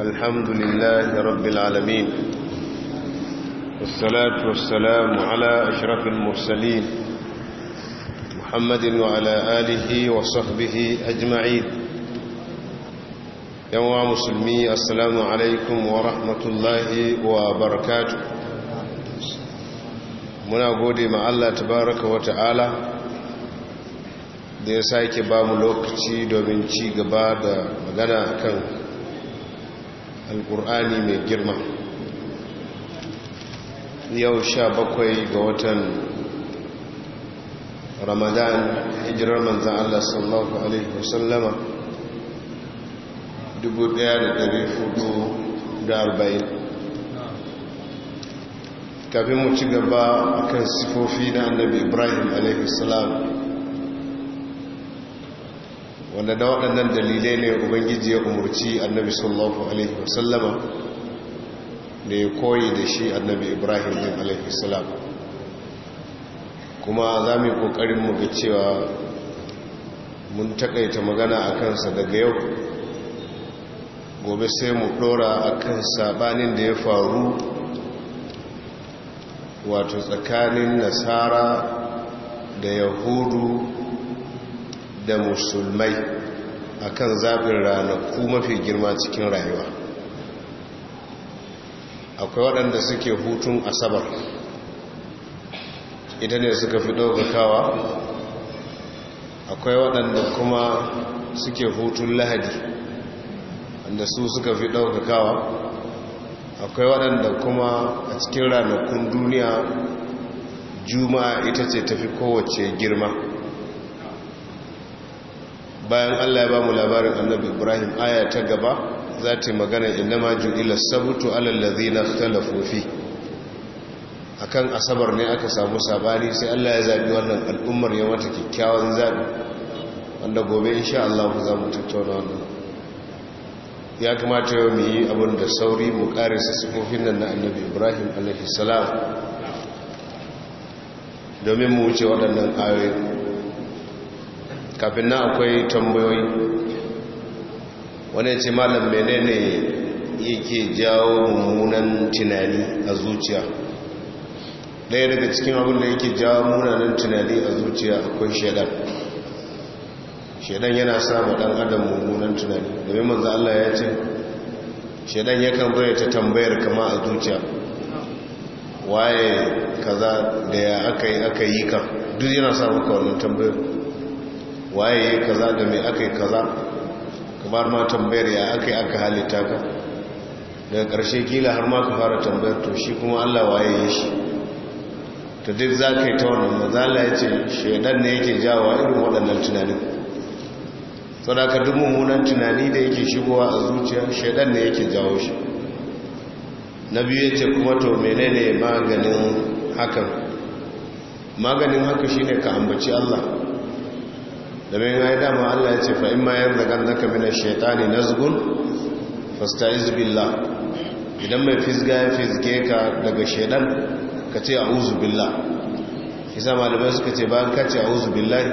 الحمد لله رب العالمين والصلاة والسلام على أشرف المرسلين محمد وعلى آله وصحبه أجمعين يوم مسلمي السلام عليكم ورحمة الله وبركاته muna gode ma Allah tabaraka wa ta'ala da ya sake ba mu lokaci domin ci gaba da magana kan alƙur'ani mai girma yau sha bakwai ga watan ramadan hijirar manzan allah sallallahu alaihi wasallama 1440 kafin mu ci gaba kan sifofi na annabi ibrahim alaihi salam wanda na waɗannan dalilai ne ubangiji ya umarci annabi sallallahu alaihi wasallama da ya koyi da shi annabi ibrahim din alaihi salam kuma za mu yi ƙoƙarin mu ga cewa mun taƙaita magana a kansa daga yau gobe sai mu ɗora a kan saɓanin da ya faru wato tsakanin nasara da yahudu da musulmai akan zaɓin ranaku mafi girma cikin rayuwa akwai waɗanda suke hutun asabar ita ne suka fi ɗaukakawa akwai waɗanda kuma suke hutun lahadi wanda su suka fi ɗaukakawa akwai waɗanda kuma a cikin ranakun duniya juma'a ita ce tafi kowace girma bayan Allah ya ba mu labarin annabi Ibrahim aya ta gaba za ta yi magana innama ila sabutu alal ladhina ikhtalafu fi akan asabar ne aka samu sabani sai Allah ya zabi wannan al'ummar ya wata kikkiawan zabi wanda gobe insha Allah za mu tattauna wannan ya kamata yau mu yi abun da sauri mu su sifofin nan na annabi Ibrahim alaihi salam domin mu wuce waɗannan ayoyi kafin nan akwai tambayoyi wani ce malam menene yake jawo mummunan tunani a zuciya ɗaya daga cikin abin da yake jawo munanan tunani a zuciya akwai shaidan shaidan yana sa ma dan adam mummunan tunani domin manzo Allah ya ce shaidan yakan zai ta tambayar kama a zuciya waye kaza da ya aka yi aka yi ka duk yana sa maka wannan tambayar waye yi kaza da mai aka yi kaza kamar ma tambayar ya aka yi aka halitta ka daga ƙarshe kila har ma ka fara tambayar to shi kuma allah waye yi shi ta duk za ka yi ta wani mazala ya ce shaidan ne yake jawa irin waɗannan tunanin sadaka duk mummunan tunani da yake shigowa a zuciya shaidan ne yake jawo shi na biyu ya ce kuma to menene maganin hakan maganin haka shine ka ambaci allah domin ya yi dama Allah ya ce fa in ma yarda gannaka min ash-shaytani nazghun fasta'iz idan mai fisga ya fisge ka daga shaidan ka ce a'udhu billah isa malamai suka ce ba ka ce a'udhu billahi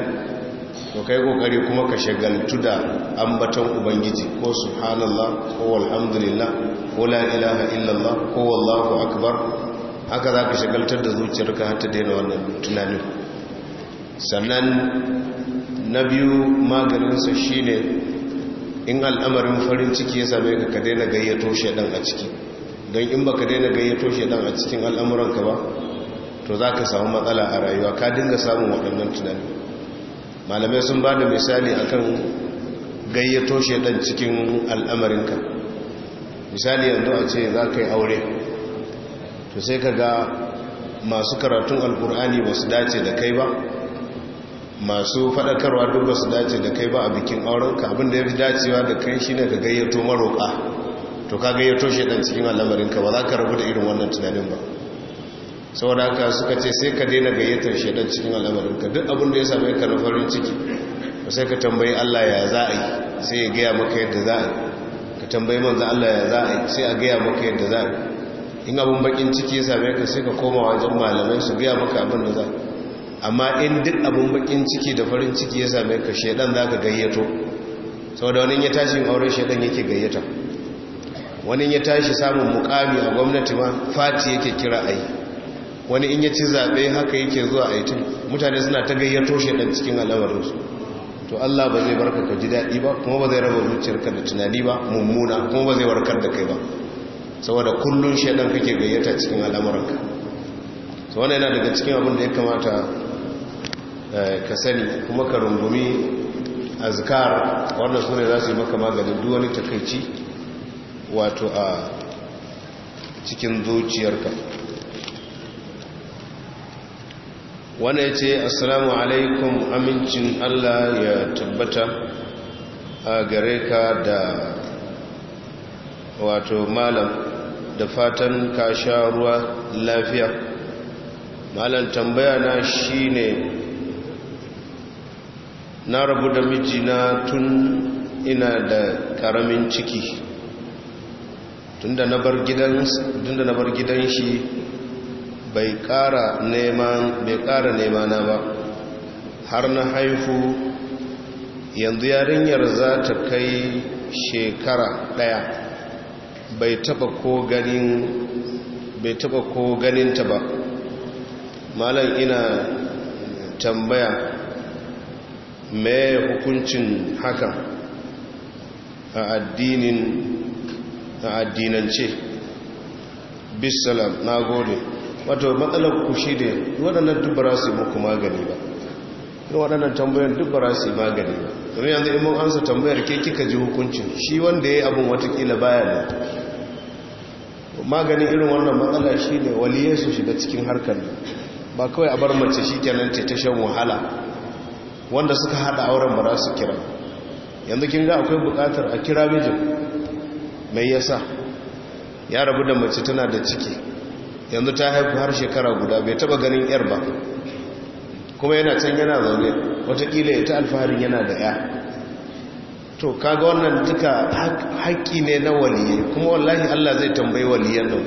to kai kokari kuma ka shagaltu da ambaton ubangiji ko subhanallah ko alhamdulillah ko la ilaha illallah ko wallahu akbar haka za ka shagaltar da zuciyarka har ta daina wannan tunanin sannan na biyu maganinsa shi ne in al'amarin farin ciki ya same ka ka daina gayyato shaɗan a ciki don in ba ka daina gayyato shaɗan a cikin al'amuranka ba to za ka samu matsala a rayuwa ka dinga samun waɗannan tunani malamai sun ba da misali a akan gayyato shaɗan cikin al'amarinka misali yanzu a ce za ka yi aure to sai ka ga masu karatun alkur'ani ba su dace da kai ba masu fadakarwa duk ba su dace da kai ba a bikin aurenka abinda ya fi dacewa da kai shine ka gayyato maroƙa to ka gayyato shi dan cikin al'amarinka ba za ka rabu da irin wannan tunanin ba saboda haka suka ce sai ka daina gayyatar shi dan cikin al'amarinka duk abinda ya same ka na farin ciki sai ka tambayi Allah ya za a yi sai ya gaya maka yadda za a yi ka tambayi manzo Allah ya za a yi sai a gaya maka yadda za a yi in abin bakin ciki ya same ka sai ka koma wajen malamai su gaya maka abin da za a yi amma in duk abin bakin ciki da farin ciki ya same ka shaidan za ka gayyato saboda wani ya tashi auren shaidan yake gayyata wani ya tashi samun mukami a gwamnati ma fati yake kira a yi wani in ya ci zaɓe haka yake zuwa a yi mutane suna ta gayyato shaidan cikin al'amarinsu to Allah ba zai barka ka ji daɗi ba kuma ba zai raba zuciyarka da tunani ba mummuna kuma ba zai warkar da kai ba saboda kullun shaidan kake gayyata cikin al'amuranka to wannan yana daga cikin abin da ya kamata Eh, ka sani kuma ka rungumi azkar wannan ne za su yi maka maganin duk wani takaici wato a cikin zuciyarka wanda ya ce assalamu alaikum amincin allah ya tabbata a gare ka da wato malam da fatan ka sha ruwa lafiya malam tambaya na shine na rabu da mijina tun ina da karamin ciki tun da na bar gidan shi bai kara nema na ba har na haifu yanzu yarinyar za ta kai shekara daya bai taba ko ganin bai taba ko ganinta ba malam ina tambaya mai hukuncin hakan a addinin a addinance bisalam na gode wato matsalar kushi shi ne waɗannan dubbara su muku magani ba waɗannan tambayar dubbara su magani ba domin yanzu imun ansa tambayar ke kika ji hukuncin shi wanda ya yi abin watakila baya ne maganin irin wannan matsala shi ne waliyesu su shiga cikin harkar ba kawai a bar mace shi kenan ta shan wahala wanda suka hada auren ba za su kira yanzu kin ga akwai bukatar a kira mijin mai yasa ya rabu da mace tana da ciki yanzu ta haifu har shekara guda bai taba ganin yar ba kuma yana can yana zaune watakila ya ta alfaharin yana da ya to kaga wannan duka haƙƙi ne na waliye kuma wallahi Allah zai tambayi waliyan nan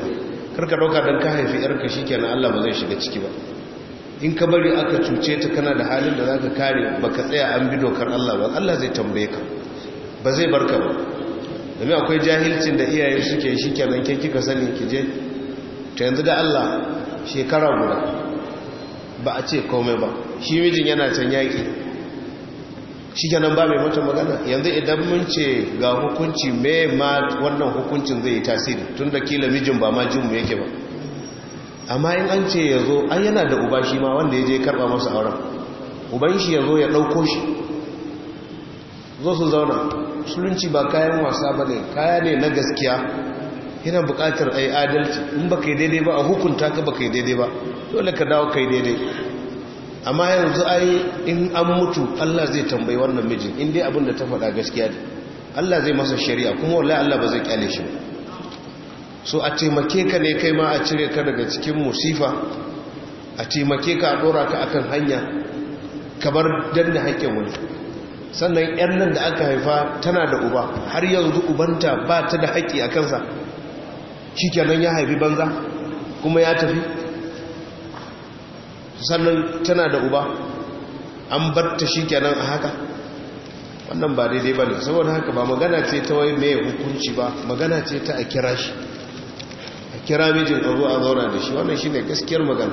karka ɗauka don ka haifi yarka shi kenan Allah ba zai shiga ciki ba in ka bari aka cuce ta kana da halin da za ka kare ba ka tsaya an bi dokar Allah ba Allah zai tambaye ka ba zai barka ba domin akwai jahilcin da iyaye suke shi kenan ke kika sani ki je ta yanzu da Allah shekara guda ba a ce komai ba shi mijin yana can yaƙi shi kenan ba mai mata magana yanzu idan mun ce ga hukunci me ma wannan hukuncin zai yi tasiri tun da kila mijin ba ma jin mu yake ba amma in an ce ya zo an yana da uba shi ma wanda ya je karba masa auren uban shi ya zo ya ɗauko shi zo su zauna sulunci ba kayan wasa ba ne kaya ne na gaskiya yana buƙatar a yi adalci in ba kai daidai ba a hukunta ka ba kai daidai ba dole ka dawo kai daidai amma yanzu ai in an mutu allah zai tambayi wannan mijin in dai abin ta faɗa gaskiya ne allah zai masa shari'a kuma wallahi allah ba zai kyale shi ba so a taimake ka ne kai ma a cire ka daga cikin musifa a taimake ka a ɗora ka akan hanya kamar danna haƙƙin wani sannan yan nan da aka haifa tana da uba har yanzu ubanta ba ta da haƙƙi a kansa shi kenan ya haifi banza kuma ya tafi sannan tana da uba an batta shi kenan a haka wannan ba daidai ba ne saboda haka ba magana ce ta wai mai hukunci ba magana ce ta a kira shi kira mijin a zo a zauna da shi wannan ne gaskiyar magana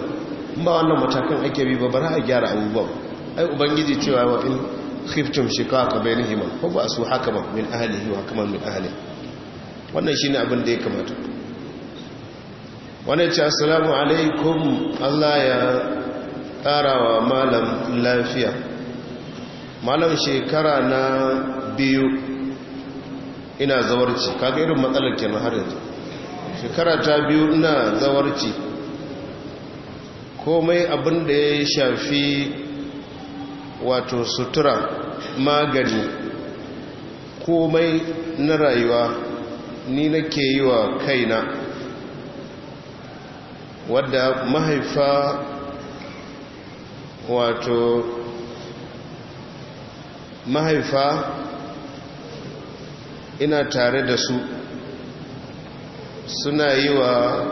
in ba wannan matakan ake bi ba bara a gyara abubuwan ai ubangiji cewa wa in khiftum bayan bainahuma ko ba su haka ba min ahlihi wa kamar min ahali wannan shi ne abin da ya kamata wannan ce assalamu alaikum Allah ya wa malam lafiya malam shekara na biyu ina zawarci kaga irin matsalar kenan har yanzu shekara ta biyu na zawarci komai abin da ya shafi wato sutura magani komai na rayuwa ni na ke yi wa kaina wadda mahaifa wato mahaifa ina tare da su suna yi wa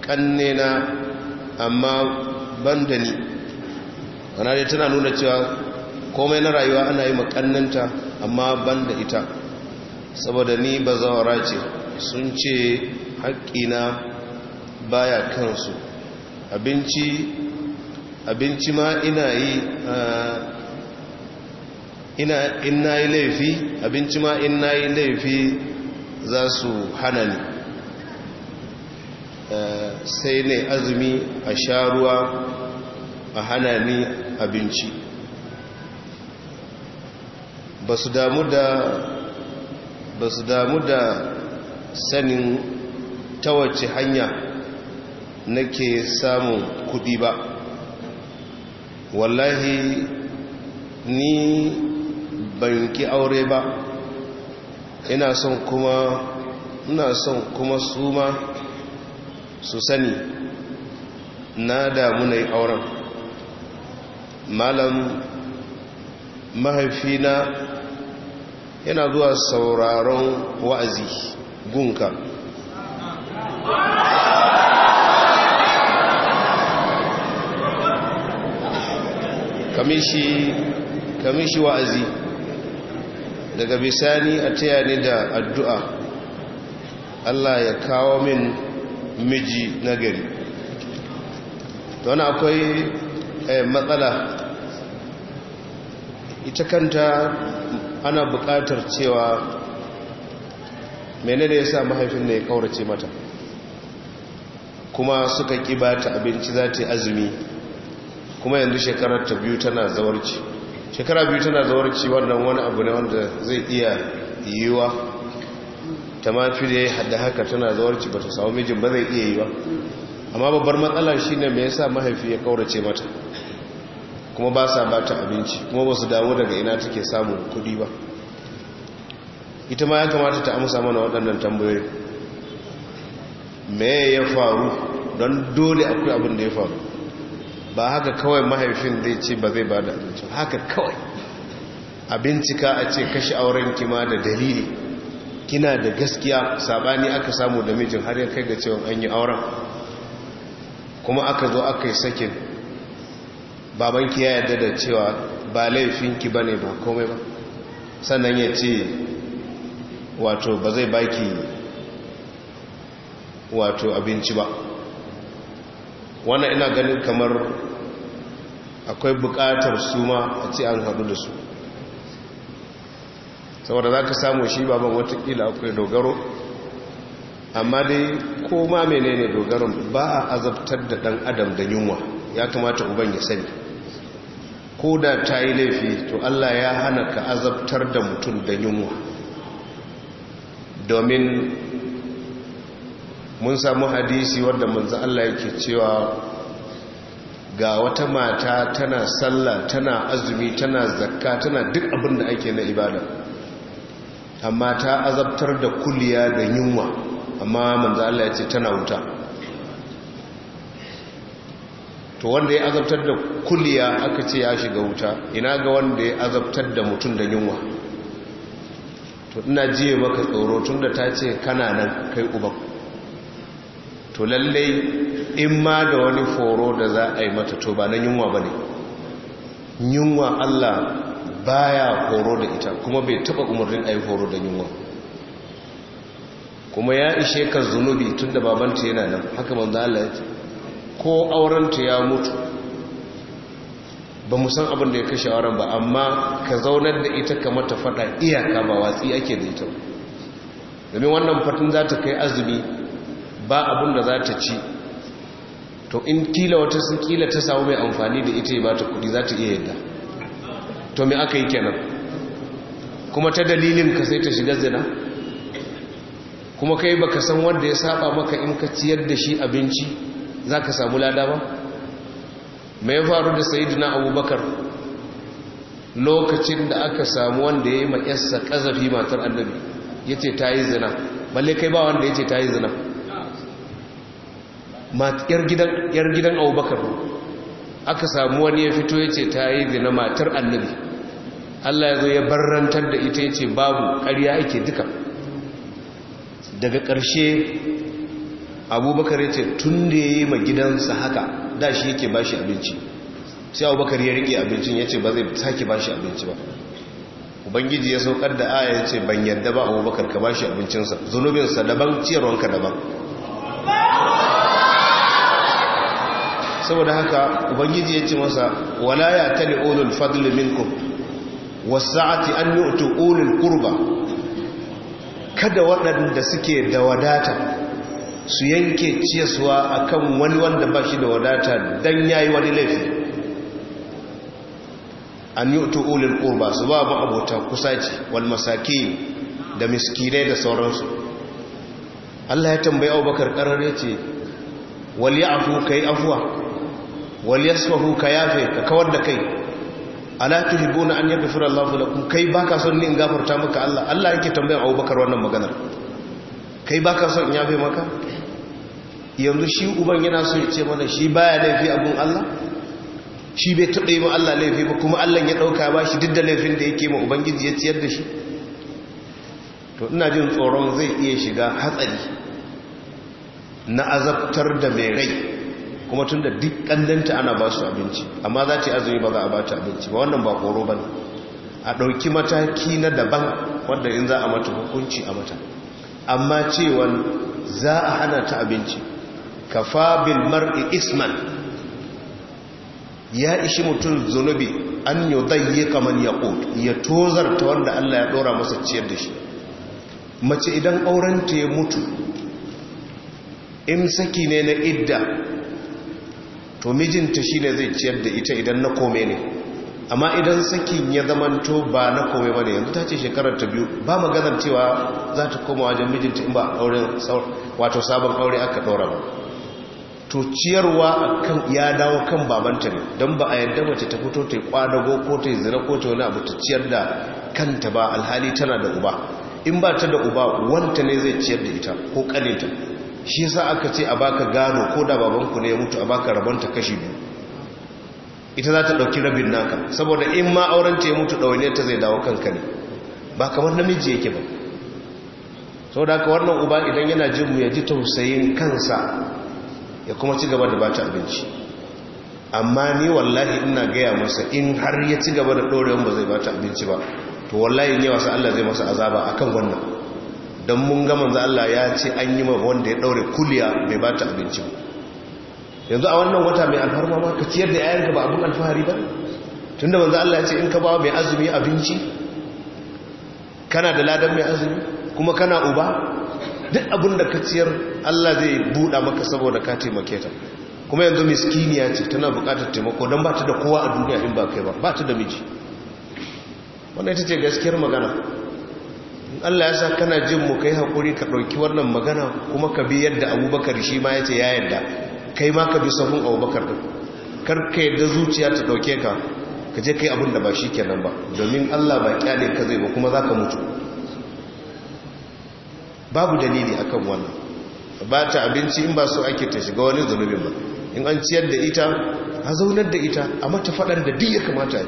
ƙannena amma ban da ni Wana dai tana nuna cewa komai na rayuwa ana yi makannanta amma ban da ita saboda ni ba zawara ce sun ce haƙƙina baya kansu abinci abinci ma ina yi ina yi laifi abinci ma ina yi laifi za su hana ni sai ne azumi a sha ruwa a hana ni abinci ba su damu da sanin ta wace hanya nake samun kudi ba wallahi ni ban ƙi aure ba ina son kuma ina son kuma su ma su sani na damu na yi auren malam mahaifina yana zuwa sauraron wa'azi gunka kamishi wa'azi daga bisani a taya ni da addu'a Allah ya kawo min miji nagari to wani akwai eh, matsala ita kanta ana bukatar cewa menene ya sa mahaifin ne ya kaurace mata kuma suka ƙi ba ta abinci za ta azumi kuma yanzu shekarar ta biyu tana zawarci shekara biyu tana zawarci wannan wani abu ne wanda zai iya yiwuwa ta fi da ya hada haka tana ci ba ta samu mijin ba zai iya yi ba amma babbar matsalar shi ne mai yasa mahaifi ya kaurace mata kuma ba sa ba ta abinci kuma ba su dawo daga ina take samun kudi ba ita ma ya kamata ta amsa mana waɗannan tambayoyi me ya faru don dole akwai abin da ya faru ba haka kawai mahaifin zai ce ba zai ba da abinci haka kawai abinci ka a ce kashi auren kima da dalili kina da gaskiya sabani aka samu da mijin har ya kai ga cewa an yi auren kuma aka zo aka yi sakin babanki ya yarda da cewa ba laifinki bane ba komai ba sannan ya ce wato ba zai baki wato abinci ba wannan ina ganin kamar akwai bukatar suma ma a ce an haɗu da su saboda za ka samu shi baban watakila akwai dogaro amma dai koma ma menene dogaron ba a azabtar da dan adam da yunwa ya kamata uban ya sani ko da ta yi laifi to allah ya hana ka azabtar da mutum da yunwa domin mun samu hadisi wadda manzo allah yake cewa ga wata mata tana sallah tana azumi tana zakka tana duk abin da ake na ibada amma ta azabtar da kuliya da yunwa amma manzo Allah ya ce tana wuta to wanda ya azabtar da kuliya aka ce ya shiga wuta ina ga wanda ya azabtar da mutum da yunwa to ina jiye maka tsoro tunda ta ce kana nan kai uban to lallai in ma da wani foro da za a yi mata to ba na yunwa bane ne yunwa Allah baya horo da ita kuma bai taba umarnin ayi horo da yunwa kuma ya ishe ka zunubi tun da babanta yana nan haka manzo Allah ya ce ko aurenta ya mutu ba mu san abin da ya kashe auren ba amma ka zaunar da ita kamar ta fada iyaka ba watsi ake da ita domin wannan fatin za ta kai azumi ba abin da za ta ci to in kila wata sun kila ta samu mai amfani da ita ba ta kudi za ta iya yadda to me aka yi kenan kuma ta dalilin ka sai ta shiga zina kuma kai baka san wanda ya saba maka in ka ciyar da shi abinci za ka samu lada ba me ya faru da dina abubakar lokacin da aka samu wanda ya yi ma'yarsa ƙazafi matar annabi ya ce ta yi zina balle kai ba wanda ya ce ta yi zina yar gidan abubakar aka samu wani ya fito ya ce ta yi zina matar annabi Allah ya zo ya barrantar da ita ya ce babu ƙarya ake duka daga ƙarshe abubakar ya ce tun da ya yi ma gidansa haka da shi yake ba shi abinci sai abubakar ya riƙe abincin ya ce ba zai sake ba shi abinci ba ubangiji ya saukar da aya ya ce ban yadda ba abubakar ka ba shi abincinsa zunubinsa daban ciyarwanka daban saboda haka ubangiji ya ce masa wala ya tali olul fadli minkum wasa'ati an yi ulul kurba kada waɗanda suke da wadata su yanke ciyaswa akan wani wanda ba shi da wadata don ya yi wani laifi an yi ulul kurba su ba ba abota kusaci wal masaki da miskirai da sauransu Allah ya tambayi Abubakar karar ce wal ya'fu kai afwa wal yasfahu ka yafe ka kawar da kai ala hibuna an yaghfira Allahu lakum kai baka son ni in gafarta maka Allah Allah yake tambayar ubakar wannan maganar kai baka son in fi maka yanzu shi uban yana so ya ce mana shi baya laifi abun Allah shi bai taɓa yi ma Allah laifi ba kuma Allah ya ɗauka ba shi duk da laifin da yake ma Ubangiji ya ciyar da shi to ina jin tsoron zai iya shiga hatsari na azabtar da mai rai kuma tun da duk ƙandanta ana ba su abinci amma za ta yi azumi ba za a ba ta abinci ba wannan ba koro ba a ɗauki mataki na daban wadda in za a mata hukunci a mata amma cewa za a hana ta abinci kafa fabin mar'i isman ya ishi mutum zunubi an yi kamar ya ya tozarta wanda Allah ya ɗora masa ciyar da shi mace idan aurenta ya mutu in saki ne na idda to mijinta shi ne zai ciyar da ita idan na kome ne amma idan sakin ya zamanto ba na kome ba ne yanzu ta ce shekarar ta biyu ba maganar cewa za ta koma wajen mijinta in ba auren wato sabon aure aka ɗora ba to ciyarwa ya dawo kan babanta ne don ba a yadda mace ta fito ta yi kwadago ko ta yi zira ko ta wani abu ta ciyar da kanta ba alhali tana da uba in ba ta da uba wanta ne zai ciyar da ita ko kaninta shi yasa aka ce a baka gano ko da babanku ne ya mutu a baka rabonta kashi biyu ita za ta ɗauki rabin naka saboda in ma auren ta ya mutu ɗawainiyar ta zai dawo kanka ne ba kamar namiji yake ba sau da haka wannan uba idan yana jin mu ya ji tausayin kansa ya kuma ci gaba da ba ta abinci amma ni wallahi ina gaya masa in har ya ci gaba da ɗorewan ba zai ba ta abinci ba to wallahi ne wasu allah zai masa azaba akan wannan don mun ga za Allah ya ce an yi mawa wanda ya daure kuliya bai ba ta abinci yanzu a wannan wata mai alfarma ma ka ciyar da yayanka ba abin alfahari ba da wanzu Allah ya ce in ka ba mai azumi abinci kana da ladan mai azumi kuma kana uba duk abin da ka ciyar Allah zai buɗa maka saboda ka taimake ta kuma yanzu miskiniya ce tana buƙatar taimako don ba ta da kowa a duniya in ba kai ba ba ta da miji wannan ita ce gaskiyar magana in Allah ya sa kana jin mu kai hakuri ka ɗauki wannan magana kuma ka bi yadda abubakar shi ma ya ya yadda kai ma ka bi sahun abubakar din kar ka yadda zuciya ta ɗauke ka ka je kai abin da ba shi kenan ba domin Allah ba kyale ka zai ba kuma za mutu babu dalili akan wannan ba ta abinci in ba so ake ta shiga wani zunubin ba in an ciyar da ita a zaunar da ita a mata faɗar da duk ya kamata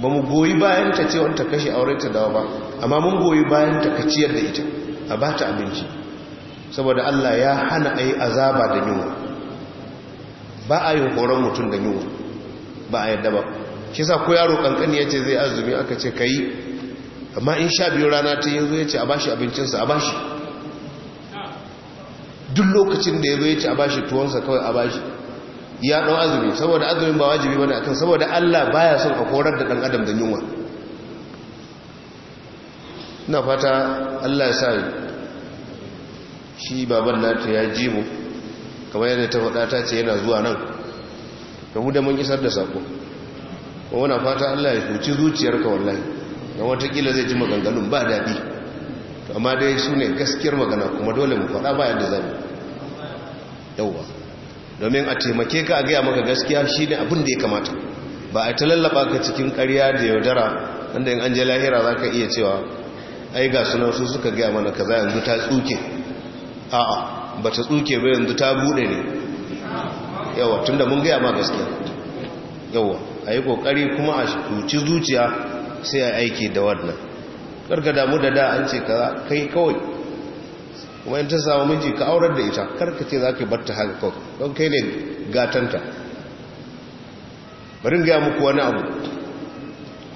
ba mu goyi bayan ta ce wanta kashe aure ta dawa ba amma mun goyi bayan ta kaciyar da ita a ba ta abinci saboda Allah ya hana a yi azaba da yunwa ba a yi horon mutum da yunwa ba a yadda ba shi sa ko yaro kankani ya ce zai azumi aka ce ka yi amma in sha biyu rana ta yanzu ya ce a bashi abincinsa a bashi duk lokacin da ya zo ya ce a bashi tuwonsa kawai a bashi ya ɗau azumi saboda azumin ba wajibi ba a akan saboda Allah baya son a korar da ɗan adam da yunwa ina fata Allah ya sa shi baban nata ya ji mu kamar yadda ta faɗa ta ce yana zuwa nan da mu mun isar da sako kuma wana fata Allah ya zuciyar zuciyarka wallahi don watakila zai ji maganganun ba daɗi amma dai su ne gaskiyar magana kuma dole mu faɗa baya da zamu yauwa domin a taimake ka a gaya maka gaskiya shi ne abin da ya kamata ba a talallaba ka cikin karya da yaudara wanda in an je lahira za ka iya cewa ai ga sunan su suka gaya mana kaza yanzu ta tsuke a'a ba ta tsuke ba yanzu ta bude ne yawa tun da mun gaya ma gaskiya yawa a yi kokari kuma a cuci zuciya sai a aiki da wannan karka damu da da an ce kai kawai kuma in ta samu miji ka aurar da ita karka ce za ka bar ta haka kawai don kai ne gatanta bari gaya muku wani abu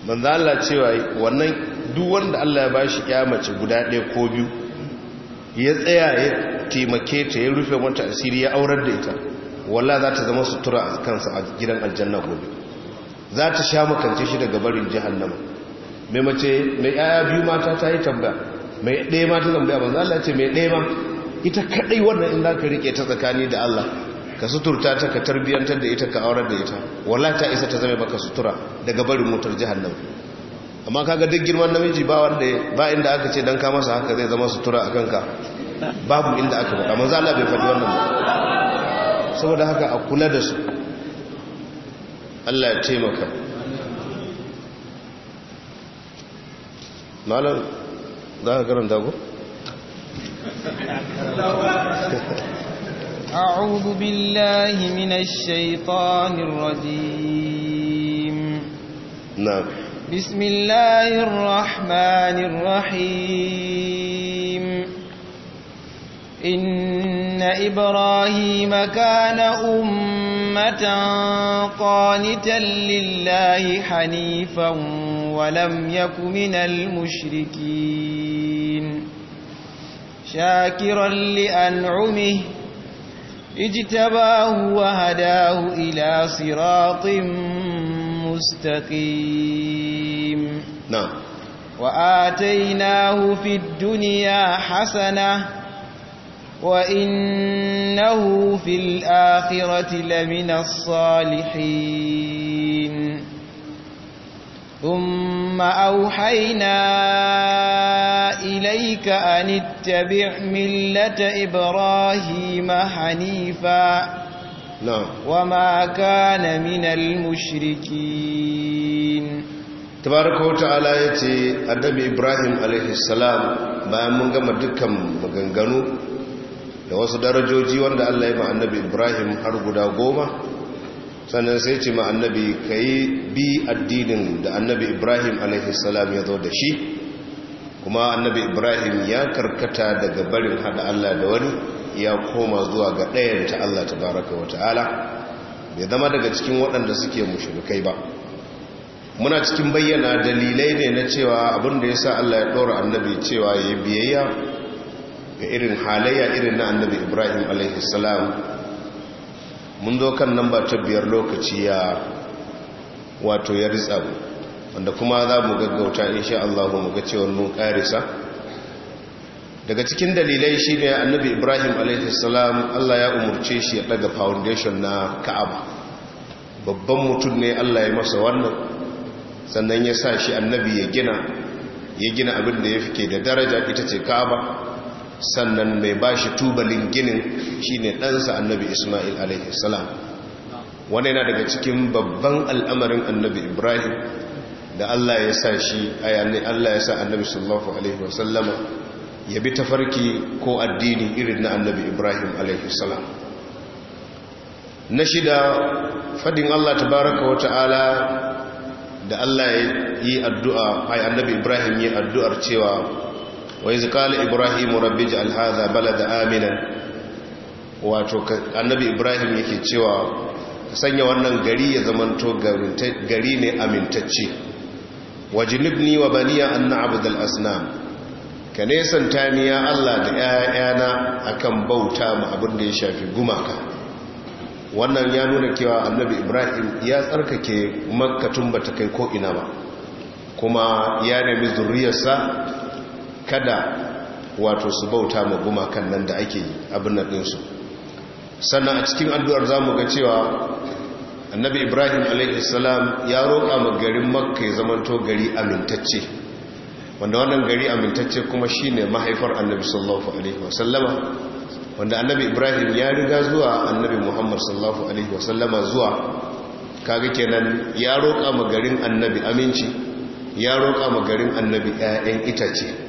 za Allah cewa wannan duk wanda Allah ya ba bashi mace guda ɗaya ko biyu ya tsaya ya taimake ta ya rufe mata asiri ya aurar da ita Wala za ta zama sutura a kansa a gidan aljanna gobe za ta sha makance shi daga barin jihannama mai mace mai yaya biyu mata ta yi tambaya mai ɗaya ma ta zambaya za a ce mai ɗaya ma ita kaɗai wannan in zaka rike ta tsakani da Allah ka suturta ta ka tarbiyantar da ita ka aurar da ita wala ta isa ta zama maka sutura daga barin motar nan amma kaga duk girman namiji ba wanda ba inda aka ce dan ka masa haka zai zama sutura a kanka babu inda aka faɗa manzo Allah bai faɗi wannan saboda haka a kula da su Allah ya taimaka malam za ka أعوذ بالله من الشيطان الرجيم نعم بسم الله الرحمن الرحيم إن إبراهيم كان أمة قانتا لله حنيفا ولم يك من المشركين شاكرا لأنعمه اجتباه وهداه إلى صراط مستقيم نعم وآتيناه في الدنيا حسنة وإنه في الآخرة لمن الصالحين ثم أوحينا إليك أن اتبع ملة إبراهيم حنيفا نعم وما كان من المشركين تبارك وتعالى يتي النبي إبراهيم عليه السلام ما منغم دكم مغنغنو da wasu darajoji wanda Allah ya ba annabi Ibrahim har guda goma sannan sai ce ma annabi ka yi bi addinin da annabi ibrahim alaihissalam ya zo da shi kuma annabi ibrahim ya karkata daga barin hada allah da wani ya koma zuwa ga ta allah ta baraka wa bai zama daga cikin waɗanda suke mushrikai ba muna cikin bayyana dalilai ne na cewa abin da ya sa allah ya ɗora annabi cewa ya biyayya ga irin halayya irin na annabi ibrahim alaihissalam mun zo kan nan ba ta biyar lokaci ya wato ya ritsa wanda kuma za mu gaggauta insha Allah mu ga cewa mun karisa daga cikin dalilai shi ne annabi ibrahim salam Allah ya umurce shi ya daga foundation na ka'aba babban mutum ne Allah ya masa wannan sannan ya sa shi annabi ya gina ya gina abin da ya da daraja ita ce ka'aba sannan mai ba shi tubalin ginin shine ɗansa annabi isma'il alaihi wani yana daga cikin babban al'amarin annabi ibrahim da allah ya sa shi ayanin allah ya sa annabi sallallahu alaihi wasallama ya bi tafarki ko addini irin na annabi ibrahim alaihi na shida fadin allah tabaraka wa ta'ala da Allah ya yi addu'a, yi annabi Ibrahim yi addu'ar cewa وإذ قال إبراهيم ibrahim اجعل هذا hadha balada aminan wato annabi ibrahim yake cewa sanya wannan gari ya zamanto gari ne amintacce wajnibni wa baniya an na'budu al-asnam ka nesanta ni ya Allah da na akan bauta mu abin da ya shafi gumaka wannan ya nuna cewa annabi ibrahim ya tsarkake makkatun ba bata kai ko ina ba kuma ya nemi zuriyarsa kada wato su bauta ma gumakan nan da ake abin nan ɗinsu sannan a cikin addu'ar za mu ga cewa annabi ibrahim alaihissalam ya roƙa ma garin makka ya zamanto gari amintacce wanda wannan gari amintacce kuma shine mahaifar annabi sallallahu alaihi wasallama wanda annabi ibrahim ya riga zuwa annabi muhammad sallallahu alaihi wasallama zuwa kaga kenan ya roƙa ma garin annabi aminci ya roƙa ma garin annabi 'ya'yan itace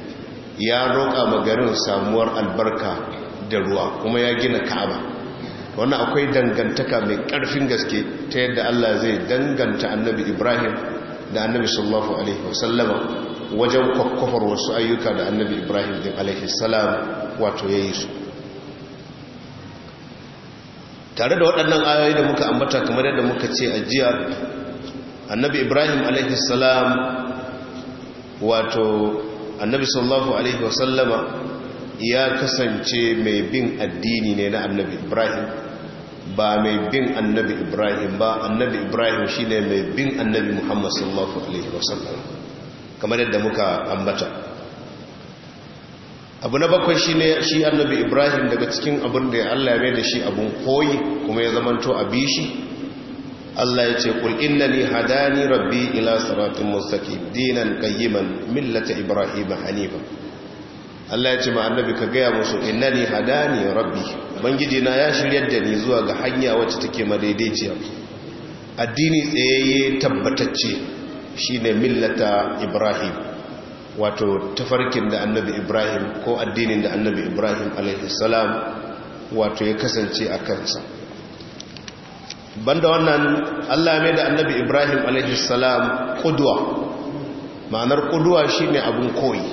ya roƙa magarin samuwar albarka da ruwa kuma ya gina ka'aba wannan akwai dangantaka mai ƙarfin gaske ta yadda Allah zai danganta annabi Ibrahim da annabi sallallahu alaihi wasallama wajen kwakwafar wasu ayyuka da annabi Ibrahim din alaihi salam wato yi su tare da waɗannan ayoyi da muka ambata kamar yadda muka ce a jiya annabi Ibrahim alaihi salam wato annabi sallallahu alaihi wasallama ya kasance mai bin addini ne na annabi ibrahim ba mai bin annabi ibrahim ba annabi ibrahim shine mai bin annabi muhammad sallallahu alaihi wasallama kamar yadda muka ambata abu na bakwai shine shi annabi ibrahim daga cikin abin da Allah ya allame da shi abin koyi kuma ya zamanto a bishi Allah ya ce kul innani hadani rabbi ila siratin mustaqim dinan qayyiman millata ibrahim hanifa Allah ya ce ma annabi ka gaya musu innani hadani rabbi bangiji na ya shiryar da ni zuwa ga hanya wacce take madaidaiciya addini tsayayye tabbatacce shine millata ibrahim wato tafarkin da annabi ibrahim ko addinin da annabi ibrahim alaihi salam wato ya kasance a kansa banda wannan Allah mai da annabi Ibrahim salam kuduwa ma'anar kuduwa shi ne abin koyi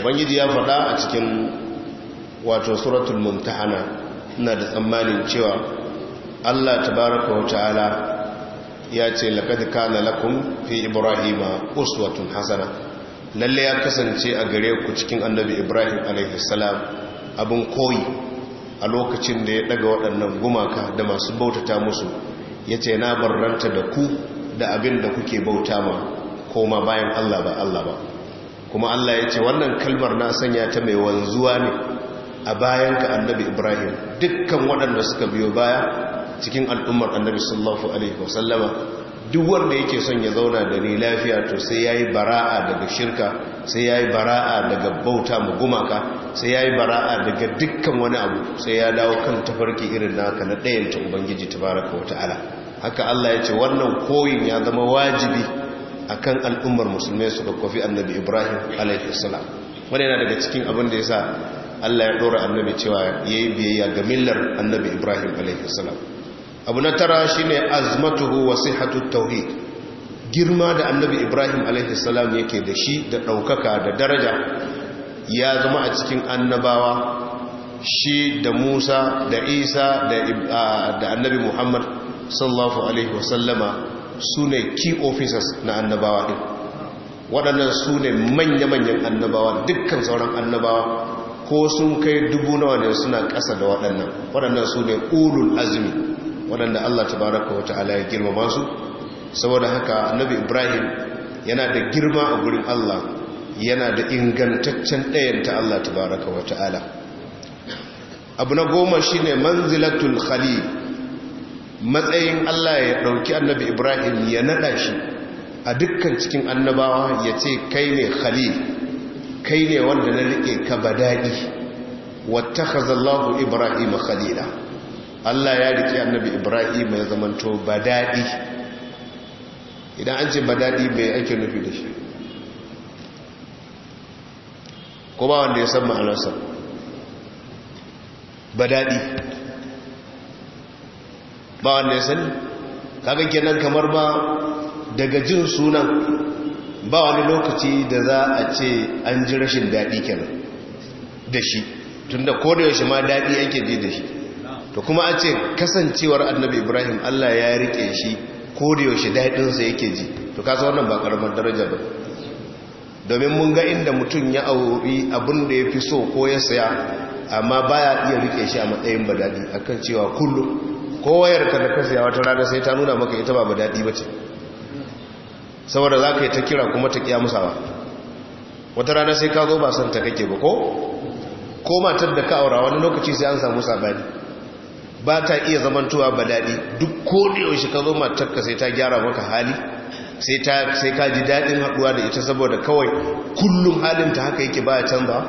ubangiji ya faɗa a cikin wato suratul mumtahana ina da tsammanin cewa Allah tabaraka wa ta'ala ya ce laqad kana lakum fi ibrahima uswatun hasana lalle ya kasance a gare ku cikin annabi Ibrahim salam abin koyi a lokacin da ya ɗaga waɗannan gumaka da masu bautata musu ya ce na barranta da ku da abin da kuke bauta ma koma bayan Allah ba Allah ba kuma Allah ya ce wannan kalmar na sanya ta mai wanzuwa ne a bayan ka annabi Ibrahim dukkan waɗanda suka biyo baya cikin al'ummar annabi sallallahu alaihi wasallama duk wanda yake son ya zauna da ni lafiya to sai yayi bara'a daga shirka sai yayi bara'a daga bauta mu gumaka sai yayi bara'a daga dukkan wani abu sai ya dawo kan tafarki irin naka na ɗayan ta ubangiji tabaraka wata'ala haka Allah ya ce wannan koyin ya zama wajibi akan al'ummar musulmai su ga kofi annabi Ibrahim alaihi salam wannan yana daga cikin abin da yasa Allah ya dora annabi cewa yayi biyayya ga millar annabi Ibrahim alaihi salam abu na tara shi ne azmatuhu wa sihhatut tauhid girma da annabi ibrahim a.s. salam yake da shi da daukaka da daraja ya zama a cikin annabawa shi da musa da isa da annabi muhammad sallallahu alaihi wasallama su ne key officers na annabawa ɗin waɗannan su ne manya-manyan annabawa dukkan sauran annabawa ko sun kai dubu nawa ne suna ƙasa da waɗannan waɗannan su ne ulul azumi waɗanda Allah Ta baraka wa ta'ala ya girmama su saboda haka annabi Ibrahim yana da girma a gurin Allah yana da ingantaccen ɗayan ta Allah baraka wa ta'ala abu na goma shine manzilatul khali. matsayin Allah ya ɗauki annabi Ibrahim ya naɗa shi a dukkan cikin annabawa ya ce kai ne khali. kai ne wanda na riƙe ka ba daɗi. wata khazallahu ibrahim khalila Allah ya riki annabi Ibrahim ya zamanto daɗi idan an ce ba daɗi bai ake nufi da shi kuma wanda ya san ma'anarsa daɗi, ba wanda ya sani kaga kenan kamar ba daga jin sunan ba wani lokaci da za a ce an ji rashin daɗi kenan da shi tunda kodayaushe ma daɗi yake ji da shi to kuma a ce kasancewar annabi ibrahim allah ya rike shi ko da yaushe daɗinsa yake ji to kasa wannan ba ƙaramar daraja ba domin mun ga inda mutum ya auri abin da ya fi so ko ya saya amma baya iya rike shi a matsayin a akan cewa kullum kowayar ka da kasa saya wata rana sai ta nuna maka ita ba daɗi ba ce saboda za ka yi ta kira kuma ta kiya musawa wata rana sai ka zo ba son ta kake ba ko ko matar da ka aura wani lokaci sai an samu sabani ba ta iya zamantowa ba daɗi duk ko da yaushe ka zo matarka sai ta gyara maka hali sai ka ji daɗin haɗuwa da ita saboda kawai kullum halin ta haka yake ba ya canza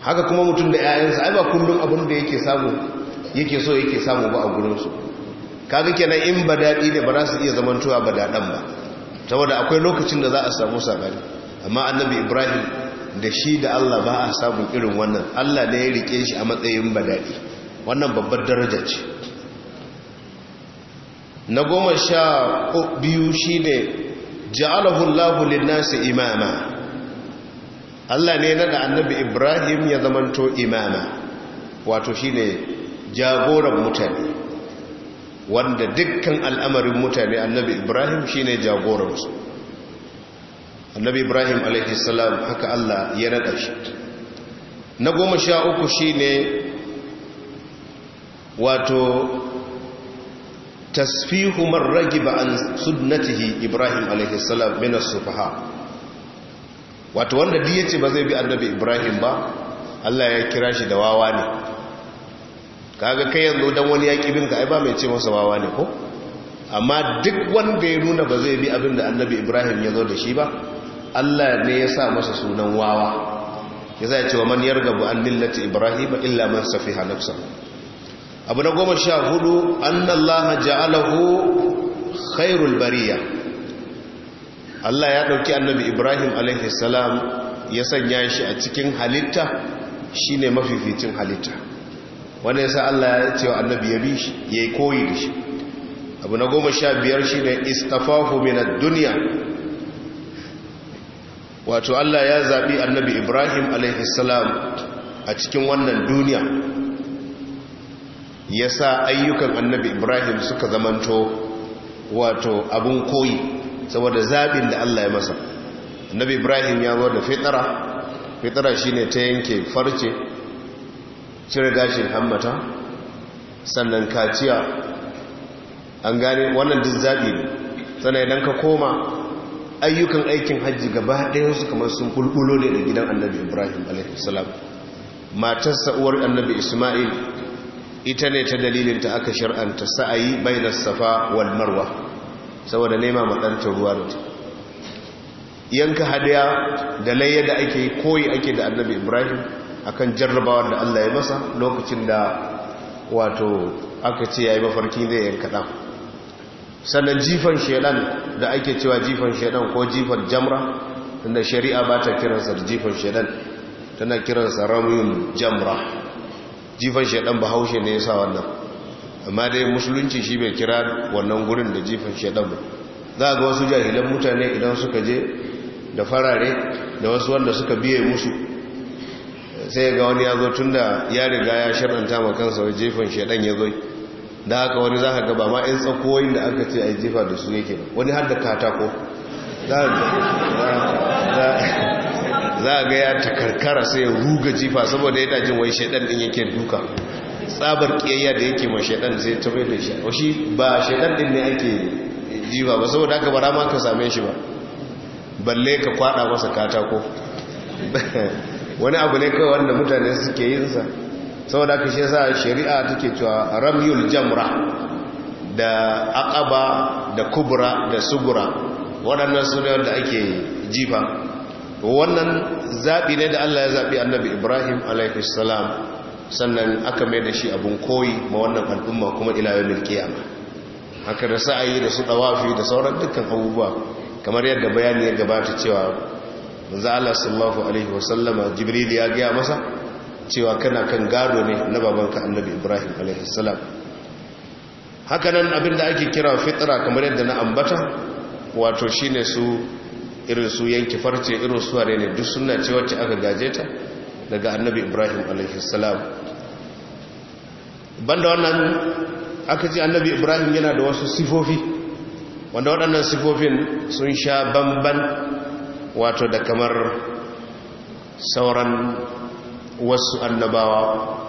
haka kuma mutum da 'ya'yansa ai ba kullum abin da yake samu yake so yake samu ba a gurinsu kaga kenan in ba daɗi ne ba za su iya zamantowa ba daɗan ba saboda akwai lokacin da za a samu sabani amma annabi ibrahim da shi da allah ba a samun irin wannan allah ne ya rike shi a matsayin ba daɗi wannan babbar daraja ce na goma sha biyu shi ne ja'alahullahu linnasi imama Allah ne na da annabi Ibrahim ya zamanto imama wato shi ne jagoran mutane wanda dukkan al'amarin mutane annabi Ibrahim shi ne jagoransu annabi Ibrahim alaihissalam haka Allah ya nada shi na goma sha uku shi ne wato tasfihu man ragiba an sunnatihi ibrahim alaihi salam sufaha wato wanda duk ce ba zai bi annabi ibrahim ba Allah ya kira shi da wawa ne kaga kai yanzu don wani yaƙi bin ka aiba mai ce masa wawa ne ko amma duk wanda ya nuna ba zai bi abin da annabi ibrahim ya zo da shi ba Allah ne ya sa masa sunan wawa ya zai ce wa man yargabu an millati ibrahim illa man safiha nafsahu abu na goma sha hudu annallaha ja'alahu khairul bariya Allah ya ɗauki annabi Ibrahim Salam ya sanya shi a cikin halitta shine mafificin halitta wanda yasa Allah ya ce wa annabi ya bi shi yayi koyi da shi abu na goma sha biyar shine istafahu min na dunya wato Allah ya zaɓi annabi Ibrahim Salam a cikin wannan duniya ya sa ayyukan annabi ibrahim suka zamanto wato abun koyi saboda zaɓin da allah ya masa annabi ibrahim ya zo da fitara fitara ne ta yanke farce cire gashin hammata sannan kaciya an gane wannan duk zaɓi ne sannan idan ka koma ayyukan aikin hajji gaba ɗayansu kamar sun ƙulƙulo ne da gidan annabi ibrahim a.s. matarsa uwar annabi ismail ita ne ta dalilin ta aka shir'anta sa'ayi bainar safa wal marwa saboda nema maɗanta ruwa da ta yanka hadiya da layya da ake koyi ake da annabi ibrahim akan jarrabawar da allah ya masa lokacin da wato aka ce ya yi mafarki zai yanka ɗan sannan jifan shaidan da ake cewa jifan shaidan ko jifan jamra tunda shari'a ba ta kiransa jifan shaidan tana kiransa ramin jamra jifan shaidan bahaushe ne ya sa wannan amma dai musulunci shi bai kira wannan gurin da jifan shaidan ba za ga wasu jahilan mutane idan suka je da farare da wasu wanda suka biye musu sai ga wani ya zo tun da ya riga ya shaɗanta ma kansa wai jefan ya zo da haka wani za ka ga ba ma 'yan tsakowai da aka ce a jifa da su yake wani har da katako za za a ga ya takarkara sai ya ruga jifa saboda yana jin wai shaidan din yake duka tsabar kiyayya da yake ma shaidan sai ta bai da shi washi ba shaidan din ne ake jifa ba saboda haka bara ma ka same shi ba balle ka kwada masa katako wani abu ne kawai wanda mutane suke yin sa saboda haka shi yasa shari'a take cewa ramyul jamra da aqaba da kubra da subra waɗannan sunayen da ake jifa wannan zaɓi ne da Allah ya zaɓi annabi Ibrahim salam sannan aka mai da shi abin koyi ma wannan al'umma kuma ilayen milkiyama haka da sa'ayi da su ɗawafi da sauran dukkan abubuwa kamar yadda bayani ya gabata cewa manzo Allah sallallahu alaihi wasallama jibril ya gaya masa cewa kana kan gado ne na babanka annabi Ibrahim salam. haka nan abin da ake kira fitra kamar yadda na ambata wato shine su irin su yanki farce irin su ware ne duk suna ce wacce aka gaje ta daga annabi ibrahim Ban banda wannan aka ce annabi ibrahim yana da wasu sifofi wanda waɗannan sifofin sun sha bamban wato da kamar sauran wasu annabawa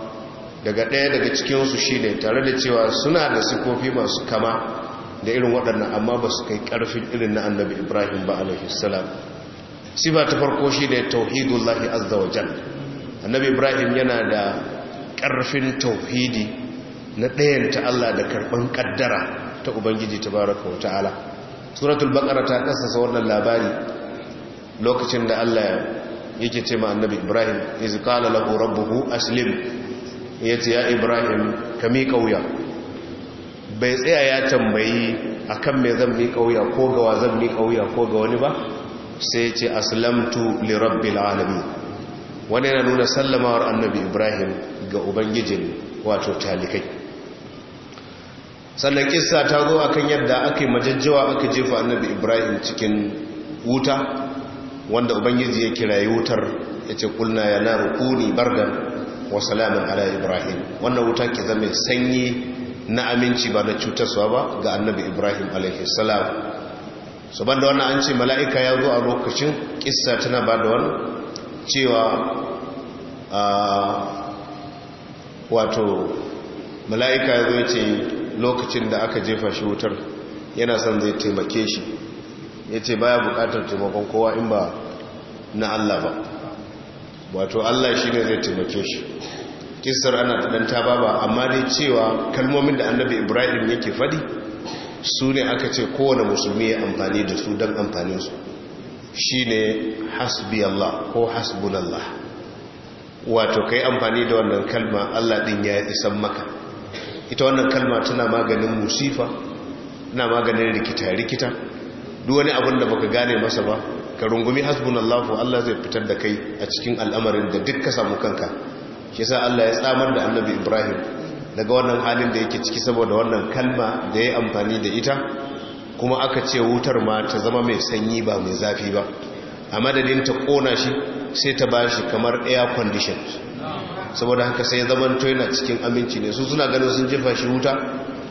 daga ɗaya daga cikinsu shi ne tare da cewa suna da sifofi masu kama da irin waɗannan amma ba su kai ƙarfin irin na annabi ibrahim ba alaihissalam sifa ta farko shi ne tauhidullahi azza wa annabi ibrahim yana da ƙarfin tauhidi na ta allah da karɓan ƙaddara ta ubangiji ta baraka wa ta'ala suratul baƙara ta ƙasasa wannan labari lokacin da allah yake ce ma annabi ibrahim izi qala lahu rabbuhu aslim yace ya ibrahim ka kami kauya bai tsaya ya tambayi a kan mai zan bi kauya ko ga wa zan bi kauya ko ga wani ba sai ce aslamtu li rabbil alamin wani yana nuna sallamawar annabi ibrahim ga ubangijin wato talikai sannan kissa ta zo a kan yadda aka yi majajjawa aka jefa annabi ibrahim cikin wuta wanda ubangiji ya kirayi wutar ya ce kulna ya na rukuni bardan wa salamin ala ibrahim wannan wuta ke zama sanyi na aminci ba na cutarsa ba ga annabi ibrahim alaihissalam su ban da wannan an ce mala'ika ya zo a lokacin kisa tana ba da wani cewa wato mala'ika ya zo ce lokacin da aka jefa shi wutar yana son zai taimake shi ya ce baya bukatar taimakon kowa in ba na allah ba wato allah shi ne zai taimake shi kisar ana ta danta baba amma dai cewa kalmomin da annabi ibrahim yake fadi su ne aka ce kowane musulmi ya amfani da su don amfaninsu shi ne hasbi Allah ko hasbunallah wato kai amfani da wannan kalma Allah ɗin ya isan maka ita wannan kalma tana maganin musifa na maganin rikita-rikita duk wani abin da baka gane masa ba ka rungumi ko Allah zai fitar da kai a cikin al'amarin da duk ka samu kanka shi Allah ya tsamar da annabi Ibrahim daga wannan halin da yake ciki saboda wannan kalma da ya amfani da ita kuma aka ce wutar ma ta zama mai sanyi ba mai zafi ba a madadin ta kona shi sai ta ba shi kamar air condition saboda haka sai zaman to yana cikin aminci ne su suna ganin sun jefa shi wuta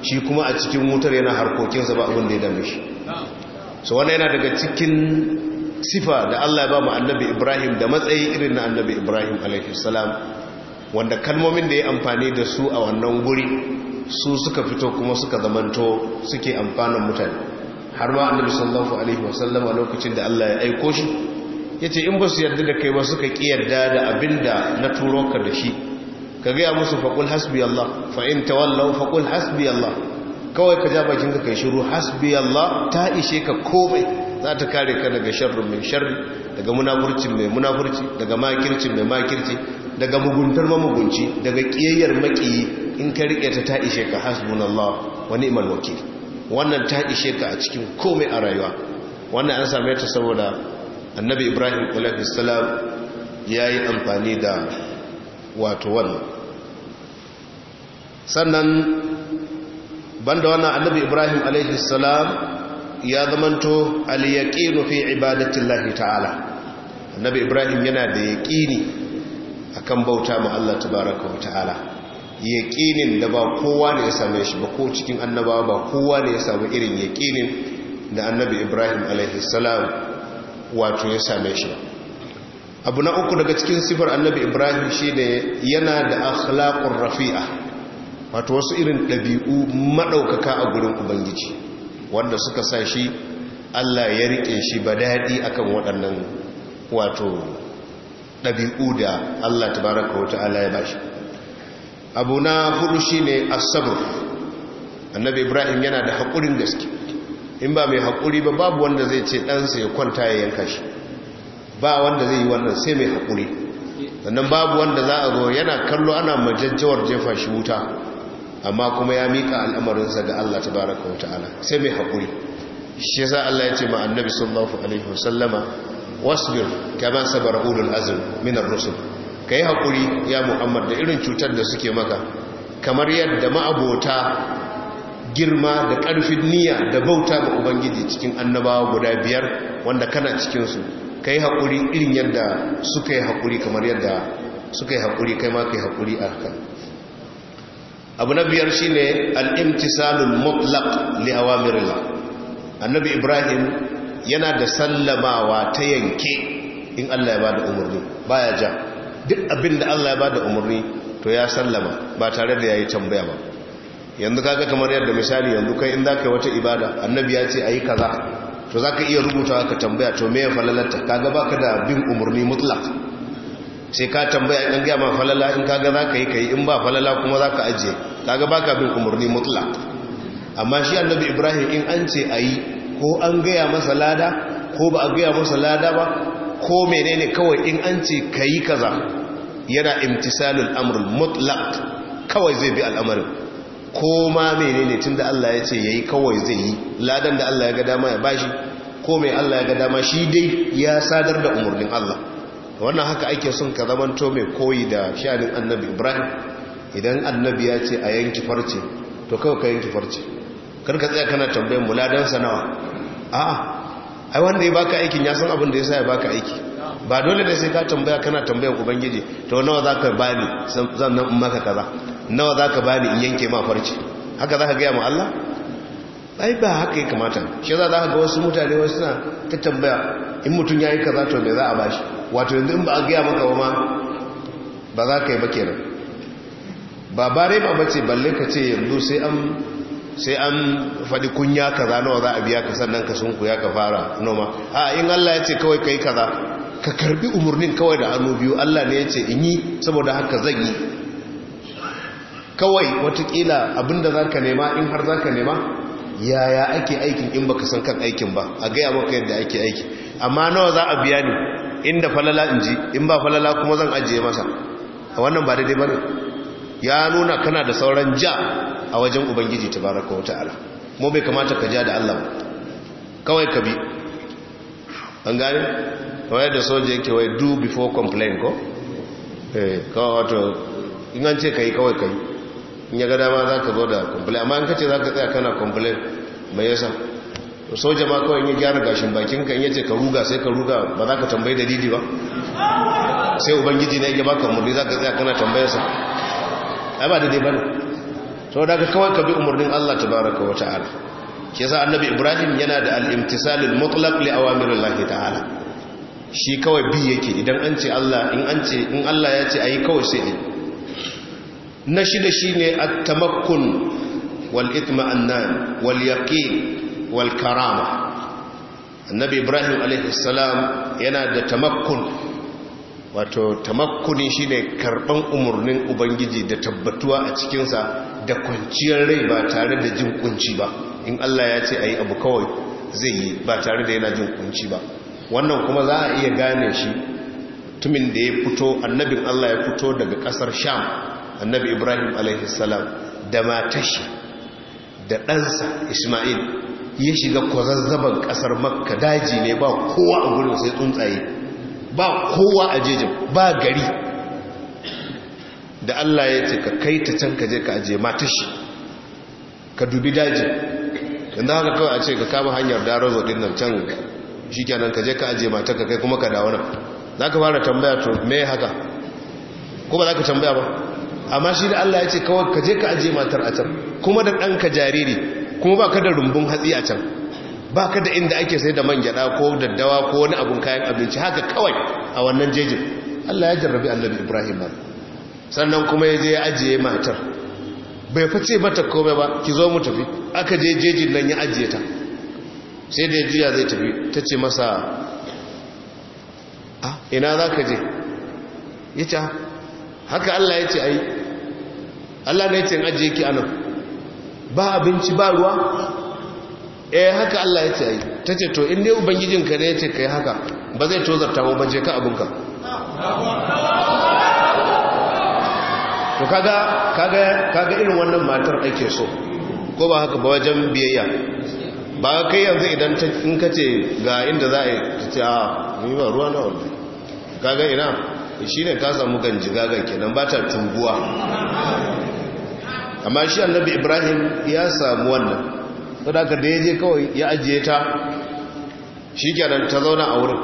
shi kuma a cikin wutar yana harkokinsa ba abin da ya dame shi so wannan yana daga cikin sifa da Allah ya ba mu annabi Ibrahim da matsayi irin na annabi Ibrahim alaihi salam wanda kalmomin da ya amfani da su a wannan guri su suka fito kuma suka zamanto suke amfanin mutane har ma annabi sallallahu alaihi wasallam a lokacin da Allah ya aiko shi yace in ba su yarda da kai ba suka kiyarda da abinda na turo ka da shi ka gaya musu faqul hasbi Allah fa in tawallaw faqul hasbi Allah kawai ka ja bakin kai shiru hasbi Allah ta ishe ka komai za ta kare ka daga sharrin mai sharri daga munafurcin mai munafurci daga makircin mai makirci daga muguntar mamugunci daga ƙiyayyar maki in ka riƙe ta ta ishe ka hasbunallah wa ni'mal wakil wannan ta ishe ka a cikin komai a rayuwa wannan an same ta saboda annabi ibrahim alaihi salam ya yi amfani da wato wannan sannan banda wannan annabi ibrahim Alayhi salam ya zamanto al-yaqinu fi ibadatillahi ta'ala annabi ibrahim yana da yaqini akan bauta ma Allah tabaraka wa ta'ala yaqinin da ba kowa ne ya same shi ba ko cikin annabawa ba kowa ne ya samu irin yaqinin da annabi Ibrahim alaihi salam wato ya same shi ba abu na uku daga cikin sifar annabi ibrahim shi yana da akhlaqur rafi'a wato wasu irin ɗabi'u maɗaukaka a gurin ubangiji wanda suka sa shi allah ya riƙe shi ba daɗi akan waɗannan wato ɗabi'u da Allah baraka wata ala ya bashi abu na hudu shi ne sabr annabi ibrahim yana da haƙurin gaske in ba mai haƙuri ba babu wanda zai ce ɗansa ya kwanta ya yanka shi ba wanda zai yi wannan sai mai haƙuri sannan babu wanda za a zo yana kallo ana majajjawar jefa shi wuta amma kuma ya miƙa al'amarinsa ga Allah baraka wata ala sai mai haƙuri shi sa Allah ya ce ma annabi sallallahu alaihi wasallama wasbir kama sabar ulul azm min ar-rusul kai hakuri ya muhammad da irin cutar da suke maka kamar yadda ma'abota girma da karfin niyya da bauta ga ubangiji cikin annabawa guda biyar wanda kana cikinsu ka yi haƙuri irin yadda suka yi haƙuri kamar yadda suka yi haƙuri kai ma ka yi a kan abu na biyar shine al imtisalul mutlaq li awamirillah annabi ibrahim yana da sallamawa ta yanke in Allah ya ba da umarni Ba ya ja duk abin da Allah ya ba da umarni to ya sallama ba tare da ya yi tambaya ba yanzu kaga kamar yadda misali yanzu kai in za ka yi wata ibada annabi ya ce a yi kaza to za ka iya rubuta ka tambaya to me ya falalata kaga ba ka da bin umarni mutlak sai ka tambaya in gaya ma falala in kaga za ka yi ka yi in ba falala kuma za ka ajiye kaga ba ka bin umarni mutlak amma shi annabi ibrahim in an ce a yi ko an gaya masa lada ko ba a gaya masa lada ba ko menene kawai in an ce ka yi kaza yana imtisalul amrul mutlaq kawai zai bi al'amarin ko ma menene tun da Allah ya ce ya yi kawai zai yi ladan da Allah ya ga dama ya bashi ko mai Allah ya ga dama shi dai ya sadar da umarnin Allah wannan haka ake son ka zamanto mai koyi da sha'anin annabi ibrahim idan annabi ya ce a yanki farce to kawai ka yanki farce karka tsaya kana tambayin muladansa nawa a'a ai wanda ya baka aikin ya san abin da ya sa ya baka aiki ba dole da sai ka tambaya kana tambayan ubangiji to nawa zaka bani zan nan maka kaza nawa zaka bani in yanke ma farce haka zaka ga mu Allah ai ba haka ya kamata shi za ka ga wasu mutane wasu na ta tambaya in mutun ya yi kaza to me za a bashi wato yanzu in ba a gaya maka ba ma ba za ka yi ba kenan ba bare ba bace balle ka ce yanzu sai an sai an faɗi kunya kaza nawa za a biya ka sannan ka sun kuya ka fara noma a in Allah ya ce kawai kai kaza ka karbi umarnin kawai da hannu biyu Allah ne ya ce in yi saboda haka zan yi kawai watakila abinda za ka nema in har za ka nema yaya ake aikin in baka san kan aikin ba a gaya maka yadda ake aiki amma nawa za a biya ni inda falala in ji in ba falala kuma zan ajiye masa a wannan ba daidai ba ne ya nuna kana da sauran ja a wajen ubangiji tabaraka wata'ala mu bai kamata ka ja da Allah kawai ka bi an gani wayar da soja yake wai do before complain ko eh kawai wato in an ce kai kawai yi in ya ga dama za ka zo da complain amma in ka ce za ka tsaya kana complain mai yasa soja ma kawai in yi gyara gashin bakin ka in yace ce ka ruga sai ka ruga ba za ka tambayi dalili ba sai ubangiji ne gaba baka murni za ka tsaya kana tambayarsa ai ba da ba ne sau daga kawai ka bi umarnin Allah tabaraka wa ta'ala ke sa annabi ibrahim yana da al'imtisalin mutlaq li awamirin lahi ta'ala shi kawai bi yake idan an ce Allah in Allah ya ce ayi kawai sai ayi na shida shine at-tamakkun wal itma'annan wal yaqin wal karama annabi ibrahim alaihi yana da tamakkun wato tamakkuni ne karɓan umarnin ubangiji da tabbatuwa a cikinsa da kwanciyar rai ba tare da jin kunci ba in Allah ya ce ayi abu kawai zai yi ba tare da yana jin kunci ba wannan kuma za a iya gane shi tumin da ya fito annabin Allah ya fito daga ƙasar Sham annabi Ibrahim as da matashi da ɗansa Isma'il ya shiga kwazazzaban ƙasar Makka daji ne ba kowa a gudun sai tsuntsaye ba kowa a jejin ba gari da Allah ya ce ka kai ta can ka je ka aje mata shi ka dubi daji inda haka kawai a ce ka kama hanyar daron din nan can shi kenan ka je ka aje mata ka kai kuma ka dawo nan za ka fara tambaya to me haka ko ba za ka tambaya ba amma shi da Allah ya ce kawai ka je ka aje matar a can kuma da ɗanka jariri kuma ba ka da rumbun hatsi a can ba ka da inda ake sai da man gyada ko daddawa ko wani abun kayan abinci haka kawai a wannan jejin Allah ya jarrabi annabi Ibrahim ba sannan kuma ya je ya ajiye matar bai fice mata komai ba ki zo mu tafi aka je jejin nan ya ajiye ta sai da ya juya zai tafi ta ce masa a ina za ka je ya ce haka Allah ya ce ai Allah ne ya ce ajiye ki anan ba abinci ba ruwa eh haka Allah ya ce ai tace to in dai ubangijin ka ne yace kai haka ba zai tozarta mu ba je ka abun ka to kaga kaga kaga irin wannan matar ake so ko ba haka ba wajen biyayya ba kai yanzu idan in kace ga inda za a yi ce a ni ba ruwa na wannan kaga ina shi ne ka samu ganjigaga kenan ba ta tunguwa amma shi annabi ibrahim ya samu wannan sau da da ya je kawai ya ajiye ta shi kenan ta zauna a wurin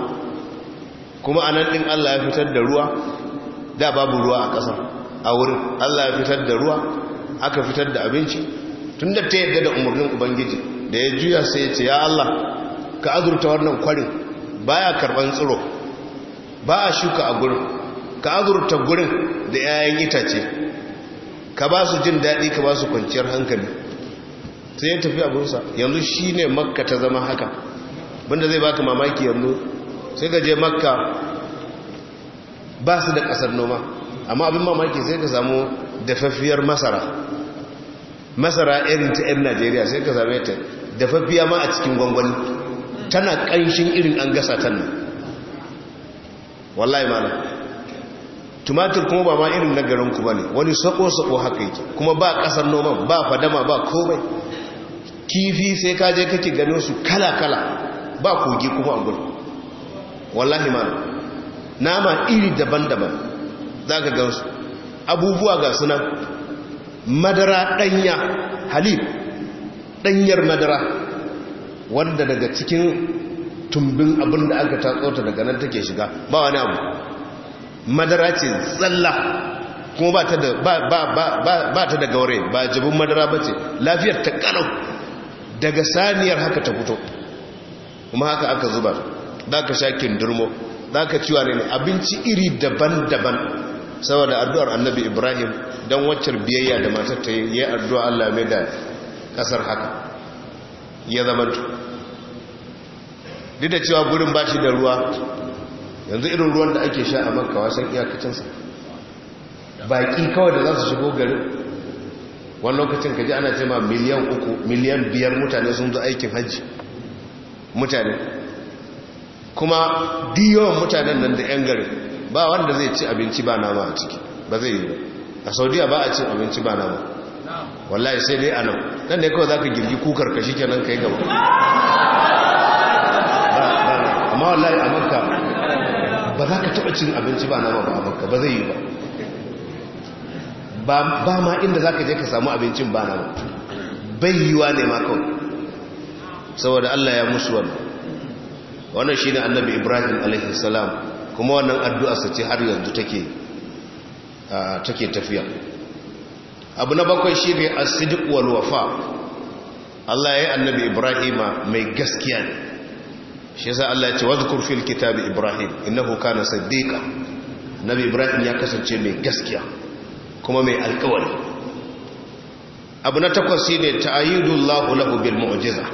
kuma a nan ɗin allah ya fitar da ruwa da babu ruwa a ƙasa a wurin allah ya fitar da ruwa aka fitar da abinci tun da ta yadda da umarnin ubangiji da ya juya sai ya ce ya allah ka azurta wannan kwarin ba ya karɓar tsiro ba a shuka a gurin ka azurta gurin da 'ya'yan itace ka ba su jin daɗi ka ba su kwanciyar hankali sai ya tafi abunsa yanzu shi ne makka ta zama haka banda zai baka mamaki yanzu sai ka je makka ba su da kasar noma amma abin mamaki sai ka samu dafaffiyar masara masara irin ta 'yan najeriya sai ka same ta dafaffiya ma a cikin gwangwani tana kanshin irin an gasa ta nan wallahi mana tumatir kuma ba ma irin na garinku ba ne wani sako-sako haka yake kuma ba kasar noma ba fadama ba komai kifi sai ka je kake ganin su kala-kala ba kogi kuma a gudu wallahi ma nama iri daban-daban za ka gansu abubuwa ga suna madara ɗanya halib ɗanyar madara wanda daga cikin tumbin abin da aka tatsota daga nan take shiga ba wani abu madara ce tsalla kuma ba ta da gaure ba jibin madara ba ce lafiyar ta ƙarau daga saniyar haka ta fito kuma haka aka zubar za ka sha kindurmo za ka ciwa ne abinci iri daban-daban saboda addu'ar annabi ibrahim don waccar biyayya da matar ta yi addu'a allah mai da kasar haka ya zama duk da cewa gurin bashi da ruwa yanzu irin ruwan da ake sha a makawa san iyakacinsa baƙi kawai da za su shigo garin wani lokacin kaji ana ce miliyan uku miliyan biyar mutane sun zo aikin hajji mutane kuma diyon mutanen nan da 'yan gari ba wanda zai ci abinci ba nama a ciki ba zai yi ba a saudiya ba a cin abinci ba nama wallahi sai dai a nan nan ne kawai za ka girgi kukar ka shi kenan ka yi gaba amma wallahi a makka ba za ka taɓa cin abinci ba nama ba a makka ba zai yi ba ba ma inda za ka je ka samu abincin ba na bai yiwa ne makon saboda Allah ya musu wani wannan shi ne annabi ibrahim a.s. kuma wannan addu'a su ce har yanzu take tafiya abu na bakwai shi ne a sidikwal wafa Allah ya yi annabi ibrahim mai gaskiya ne shi sa Allah ya ce wadda kurfil kitabi ibrahim innahu kana saddika annabi ibrahim ya kasance mai gaskiya kuma mai alkawari abu na takwas shi ne ta'ayyudullahu lahu bil mu'jiza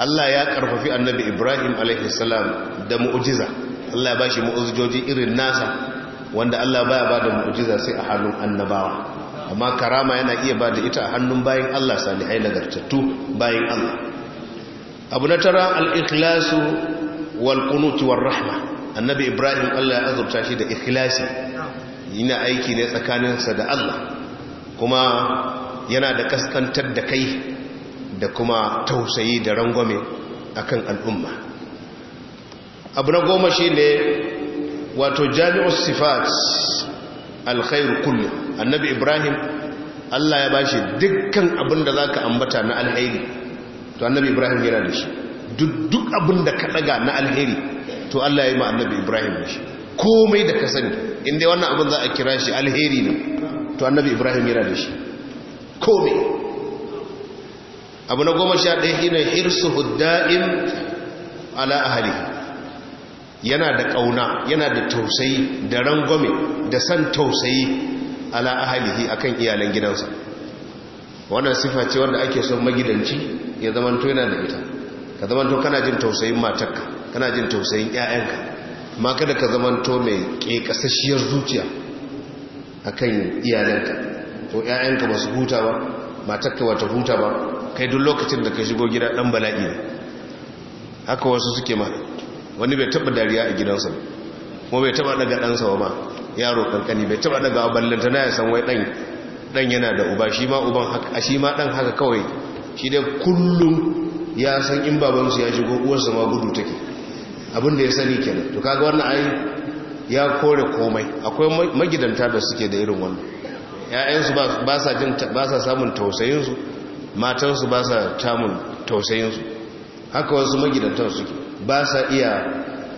Allah ya karfafi annabi Ibrahim alaihi salam da mu'jiza Allah ya bashi shi mu'ujizoji irin nasa wanda Allah baya bada da mu'jiza sai a hannun annabawa amma karama yana iya ba da ita a hannun bayan Allah salihai nagartattu bayan Allah abu na tara al-ikhlasu wal qunut war rahma annabi Ibrahim Allah ya azurta shi da ikhlasi yana aiki ne tsakaninsa da Allah kuma yana da kaskantar da kai da kuma tausayi da rangwame akan al'umma abu na goma shi ne wato jami'ar sifat alkhairu kullu annabi ibrahim Allah ya bashi dukkan abin da zaka ambata na alheri to annabi ibrahim yana da shi duk abin da ka daga na alheri to Allah ya yi ma annabi ibrahim da shi komai da ka sani inda wannan abin za a kira shi alheri ne to annabi ibrahim yana da shi komai abu na goma sha ɗaya ina hirsu hudda'in ala yana da ƙauna yana da tausayi da rangwame da san tausayi ala ahalihi akan iyalan gidansa wannan sifa ce wanda ake son magidanci ya zamanto yana da ita ka zamanto kana jin tausayin matarka kana jin tausayin 'ya'yanka ma kada ka zama zamanto mai ƙeƙasasshiyar zuciya a kan iyalanka ko ‘ya'yanka masu huta ba matakka wata huta ba kai duk lokacin da ka shigo gida ɗan bala'i ne haka wasu suke ma wani bai taɓa dariya a gidansa kuma bai taɓa daga ɗansa ba yaro kankani bai taɓa daga ballanta na ya san wai ɗan yana da uba shi ma uban shi ma ɗan haka kawai shi dai kullum ya san in babansu ya shigo uwarsa ma gudu take abin da ya sani kenan to kaga wannan ai ya kore komai akwai magidanta da suke da irin wannan ƴaƴansu ba sa jin ba sa samun tausayin su matan su ba sa samun tausayin su haka wasu magidantan suke ba sa iya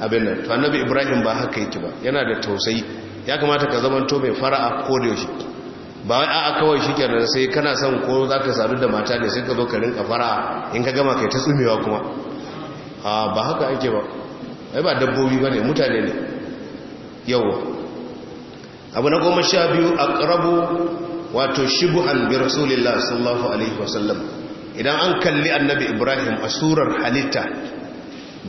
abin nan to annabi ibrahim ba haka yake ba yana da tausayi ya kamata ka zama to mai fara'a ko da yaushe ba wai a'a kawai shikenan sai kana son ko zaka sadu da mata ne sai ka zo ka rinka fara'a in ka gama kai ta tsumewa kuma ba haka ake ba ai ba dabbobi ba ne mutane ne yau abu na goma sha biyu a ƙarabu wato an bi rasulillah sallallahu alaihi wasallam idan an kalli annabi ibrahim a surar halitta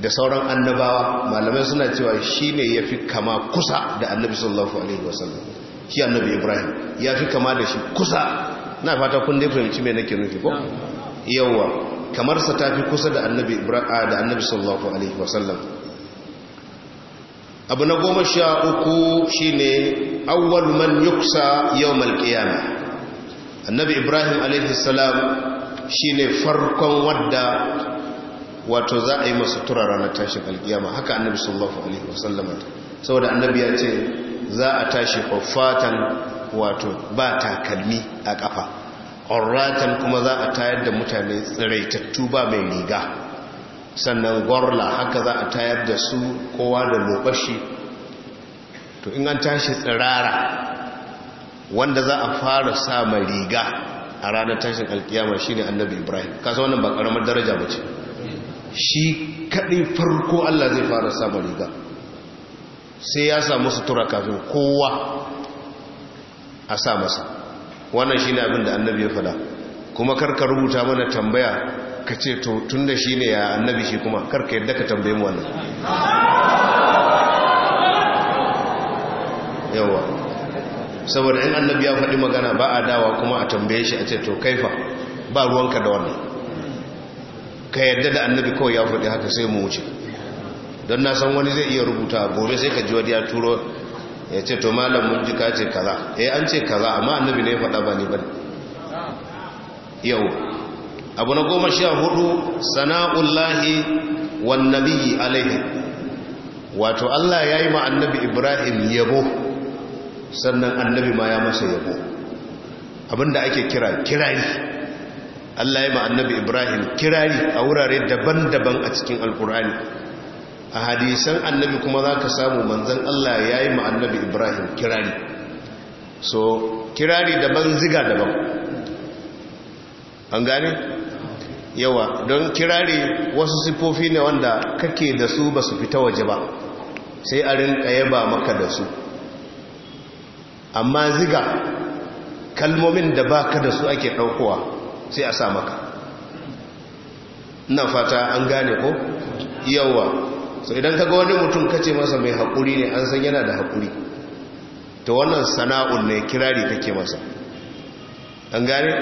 da sauran annabawa malamai suna cewa shi ne ya fi kama kusa da annabi sallallahu alaihi wasallam shi annabi ibrahim ya fi kama da shi kusa na fata kun dai fahimci mai nake nufi ko yawwa sa ta fi kusa da annabi sallallahu alaihi wasallam abu na goma sha uku shi ne awon man yuksa yau malkiyana annabi ibrahim alaihissalam shi ne farkon wadda wato za a yi masu tura ranar tashin alkiyama haka annabi sallallahu alaihi wasallam saboda annabi ya ce za a tashi fatan wato ba takalmi a kafa ƙorratan kuma za a tayar da mutane tsiraitattu ba mai riga sannan gwarla haka za a tayar da su kowa da lokashi to in an tashi tsirara wanda za a fara sa mai riga a ranar tashin alkiyama shi ne annabi ibrahim kasa wannan ba karamar daraja ba ce shi kaɗai farko allah zai fara sa mai riga sai ya samu sutura kafin kowa a sa masa wannan shi ne abin da annabi ya fada kuma karka rubuta mana tambaya ka ce to tun da shi ne ya annabi shi kuma karka yadda ka tambaye mu wannan yawa saboda in annabi ya faɗi magana ba a dawa kuma a tambaye shi a ce to kaifa ba ruwanka da wannan ka yadda da annabi kawai ya faɗi haka sai mu wuce don na san wani zai iya rubuta gobe sai ka ji wani ya turo ya ce to malam mun ji ka ce kaza eh an ce kaza amma annabi ne ya faɗa ba ni ba yau abu na goma sha hudu sana'ullahi wa nabiyyi alaihi wato Allah ya yi ma Ibrahim yabo sannan annabi ma ya masa yabo abinda ake kira kirari Allah ya yi ma annabi Ibrahim kirari a wurare daban-daban a cikin alkur'ani a hadisan annabi kuma za ka samu manzan Allah ya yi ma annabi Ibrahim kirari so kirari daban ziga daban an gane yawa don kirare wasu sifofi ne wanda kake da su ba su fita waje ba sai a rinka yaba maka da su amma ziga kalmomin da baka da su ake ɗaukowa sai a sa maka ina fata an gane ko yawa so idan ka ga wani mutum kace masa mai haƙuri ne an san yana da haƙuri to wannan sana'un ne kirari take masa an gane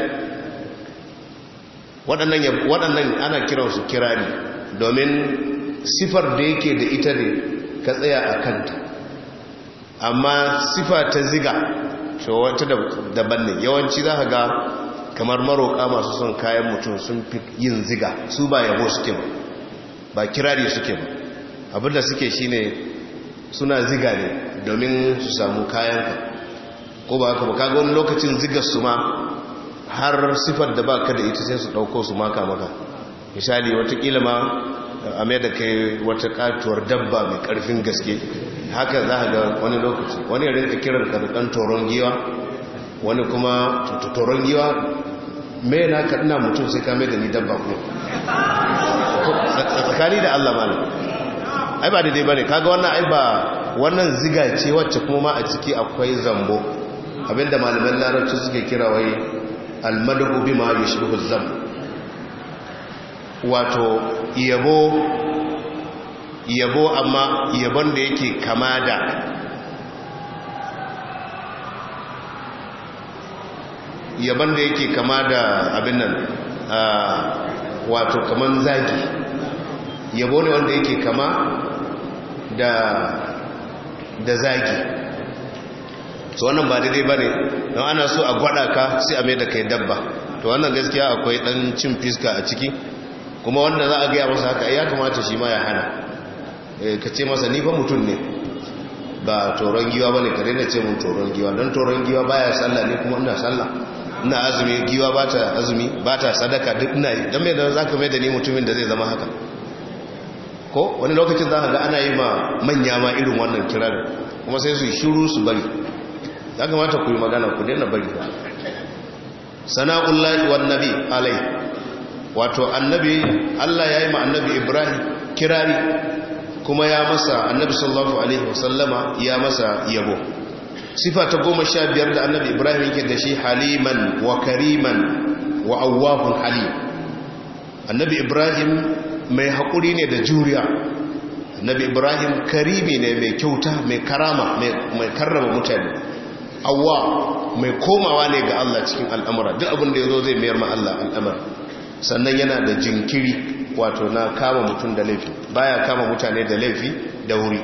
waɗannan ana kiransu kirari domin sifar da yake da ita ne ka tsaya a kanta amma sifa ta ziga wata daban ne yawanci za ka ga kamar maroka masu son kayan mutum sun fi yin ziga su ba yabo suke ba ba kirari suke ba abinda suke shine suna ziga ne domin su samu kayanka ko ba haka ba kaga wani lokacin zigar su ma har sifar da ba ka da ita sai su ɗauko su maka maka misali watakila ma a mai da kai wata katuwar dabba mai ƙarfin gaske haka za a ga wani lokaci wani da kiran karɗan toron giwa wani kuma toron giwa mai na kaɗina mutum sai ka mai da ni dabba kuma tsakani da allah malam ai ba daidai ba ne kaga wannan ai ba wannan ziga ce wacce kuma ma a ciki akwai zambo abinda malaman larabci suke kira wai almadahu bima yushbihu zam wato yabo yabo amma yabon da yake kama da yabon da yake kama da abin nan wato kaman zagi yabo ne wanda yake kama da da zagi to wannan ba daidai ba ne don ana so a gwada ka sai a mai da kai dabba to wannan gaskiya akwai dan cin fiska a ciki kuma wanda za a gaya masa haka ya kamata shi ma ya hana eh, ka ce masa ni fa mutum ne ba toron giwa ba ne ka daina ce mun toron giwa don toron giwa baya sallah ne kuma ina sallah ina azumi giwa ba ta azumi ba ta sadaka duk ina yi don mai da za ka mai da ni mutumin da zai zama haka ko wani lokacin za ka ga ana yi ma manya ma irin wannan kirar kuma sai su shiru su bari ya kamata ku yi magana ku dina bari ba Sana'un wan nabi alai wato annabi Allah ya yi ma annabi Ibrahim kirari kuma ya masa annabi sallallahu alaihi wasallama ya masa yabo sifa ta goma sha biyar da annabi Ibrahim yake da shi haliman wa kariman wa awwabun halim annabi Ibrahim mai haƙuri ne da juriya annabi Ibrahim karimi ne mai kyauta mai karama mai karrama mutane awwa mai komawa ne ga Allah cikin al'amura duk abin da ya zo zai mayar ma Allah al'amura sannan yana da jinkiri wato na kama mutum da laifi baya kama mutane da laifi da wuri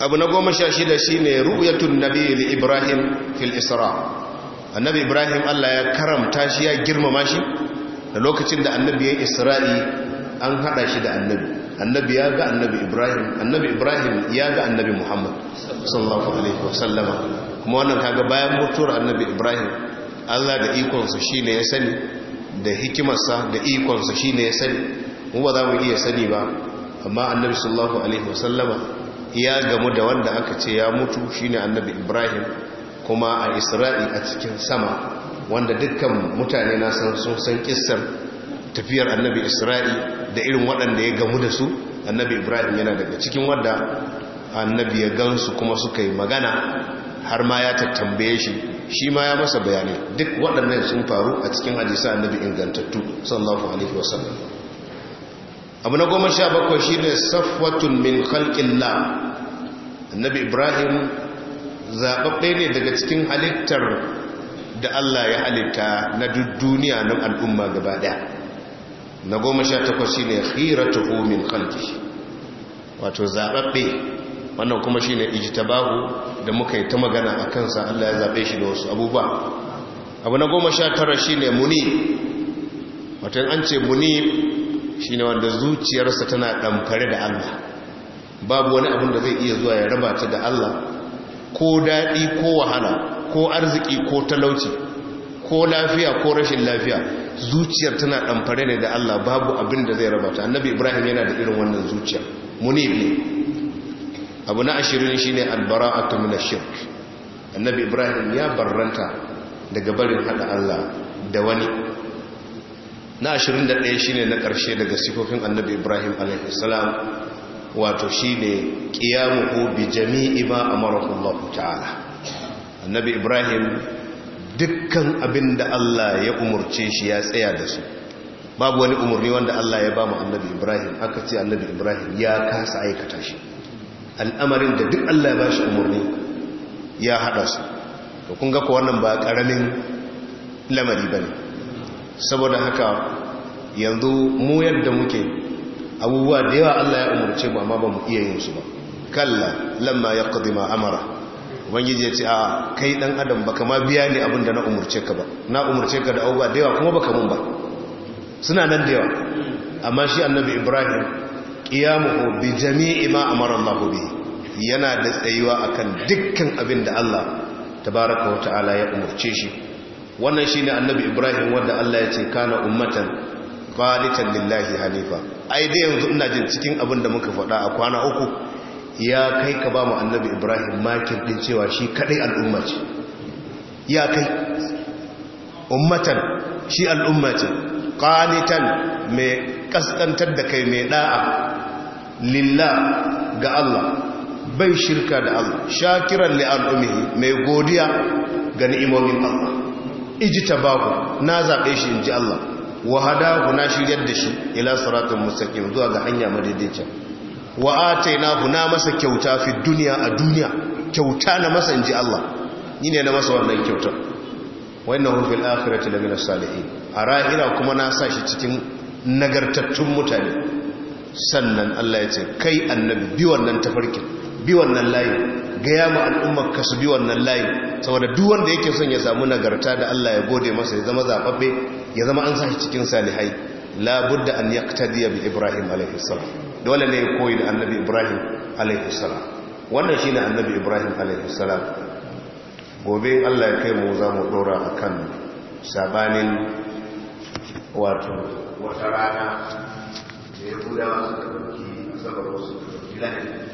abu na goma sha shida shi ne ru'yatun nabi li ibrahim fil isra annabi ibrahim Allah ya karamta shi ya girmama shi da lokacin da annabi ya isra'i an haɗa shi da annabi annabi ya ga annabi ibrahim annabi ibrahim ya ga annabi muhammad sallallahu alaihi wasallama kuma wannan kaga bayan mutuwar annabi ibrahim allah da ikonsa shi ne ya sani da hikimarsa da ikonsa shi ne ya sani mu ba za mu iya sani ba amma annabi sallallahu alaihi wasallama ya gamu da wanda aka ce ya mutu shine annabi ibrahim kuma a isra'i a cikin sama wanda dukkan mutane na san sun san kissar tafiyar annabi isra'i da irin waɗanda ya gamu da su annabi ibrahim yana daga cikin wadda annabi ya gansu kuma suka yi magana har ma ya tattambaye shi shi ma ya masa bayanai duk waɗannan sun faru a cikin hadisa annabi ingantattu sallallahu alaihi wasallam abu na goma sha bakwai shi ne safwatun min la annabi ibrahim zaɓaɓɓe ne daga cikin halittar da allah ya halitta na duk duniya na al'umma gaba ɗaya na goma sha takwas shi ne khiratuhu min khalqihi wato zaɓaɓɓe wannan kuma shi ne bahu da muka yi ta magana a kansa Allah ya zaɓe shi da wasu abubuwa abu na goma sha tara shi ne muni wato an ce muni shi ne wanda zuciyarsa tana ɗamfare da Allah babu wani abin da zai iya zuwa ya raba ta da Allah ko daɗi ko wahala ko arziki ko talauci ko lafiya ko rashin lafiya zuciyar tana ɗamfare ne da Allah babu abin da zai rabata annabi ibrahim yana da irin wannan zuciya ne abu na ashirin shi ne albara'atu min shirk annabi ibrahim ya barranta daga barin haɗa Allah da wani na ashirin da ɗaya shi ne na ƙarshe daga sifofin annabi ibrahim alaihissalam wato shi ne ko bi jami'i ma amarakullahu ta'ala annabi ibrahim dukkan abin da Allah ya umarce shi ya tsaya da su babu wani umarni wanda Allah ya ba mu annabi Ibrahim aka ce annabi Ibrahim ya kasa aikata shi al'amarin da duk Allah ya ba shi umarni ya haɗa su to kun ga ko wannan ba karamin lamari bane saboda haka yanzu mu yadda muke abubuwa da yawa Allah ya umarce mu amma ba mu iya yin su ba kalla lamma ya amara ubangiji ya ce a kai dan adam baka ma biya ni abin da na umurce ka ba na umurce ka da abu da yawa kuma baka mun ba suna nan da yawa amma shi annabi ibrahim qiyamuhu bi jami'i ma amara Allah bi yana da tsayuwa akan dukkan abin da Allah tabaraka wa ta'ala ya umurce shi wannan shine annabi ibrahim wanda Allah ya ce kana ummatan qalitan lillahi hanifa ai da yanzu ina jin cikin abin da muka faɗa a kwana uku ya kai ka ba mu annabi ibrahim makin din cewa shi kadai al'umma ya kai ummatan shi al'umma ce qanitan mai kaskantar da kai mai da'a lillah ga Allah bai shirka da Allah shakiran li al'umihi mai godiya ga ni'imomin Allah ku na zabe shi inji Allah wa hadahu na shiryar da shi ila siratul mustaqim zuwa ga hanya madaidaiciya wa atainahu na masa kyauta fi duniya a duniya kyauta na masa inji Allah ni ne na masa wannan kyauta Wannan innahu fil akhirati lamina salihin a ra'ira kuma na sa shi cikin nagartattun mutane sannan Allah ya ce kai annabi bi wannan tafarkin bi wannan layi gaya ma al'ummar ka su bi wannan layi saboda duk wanda yake son ya samu nagarta da Allah ya gode masa ya zama zababbe ya zama an sa shi cikin salihai la budda an yaqtadiya bi ibrahim alaihi salam dole ne koyi da annabi ibrahim alaihissalam wannan shi ne annabi ibrahim alaihissalam gobe allah ya kai mu za mu dora a kan sabanin wato wata rana da ya buda wasu ɗauki asabar wasu ɗauki lahari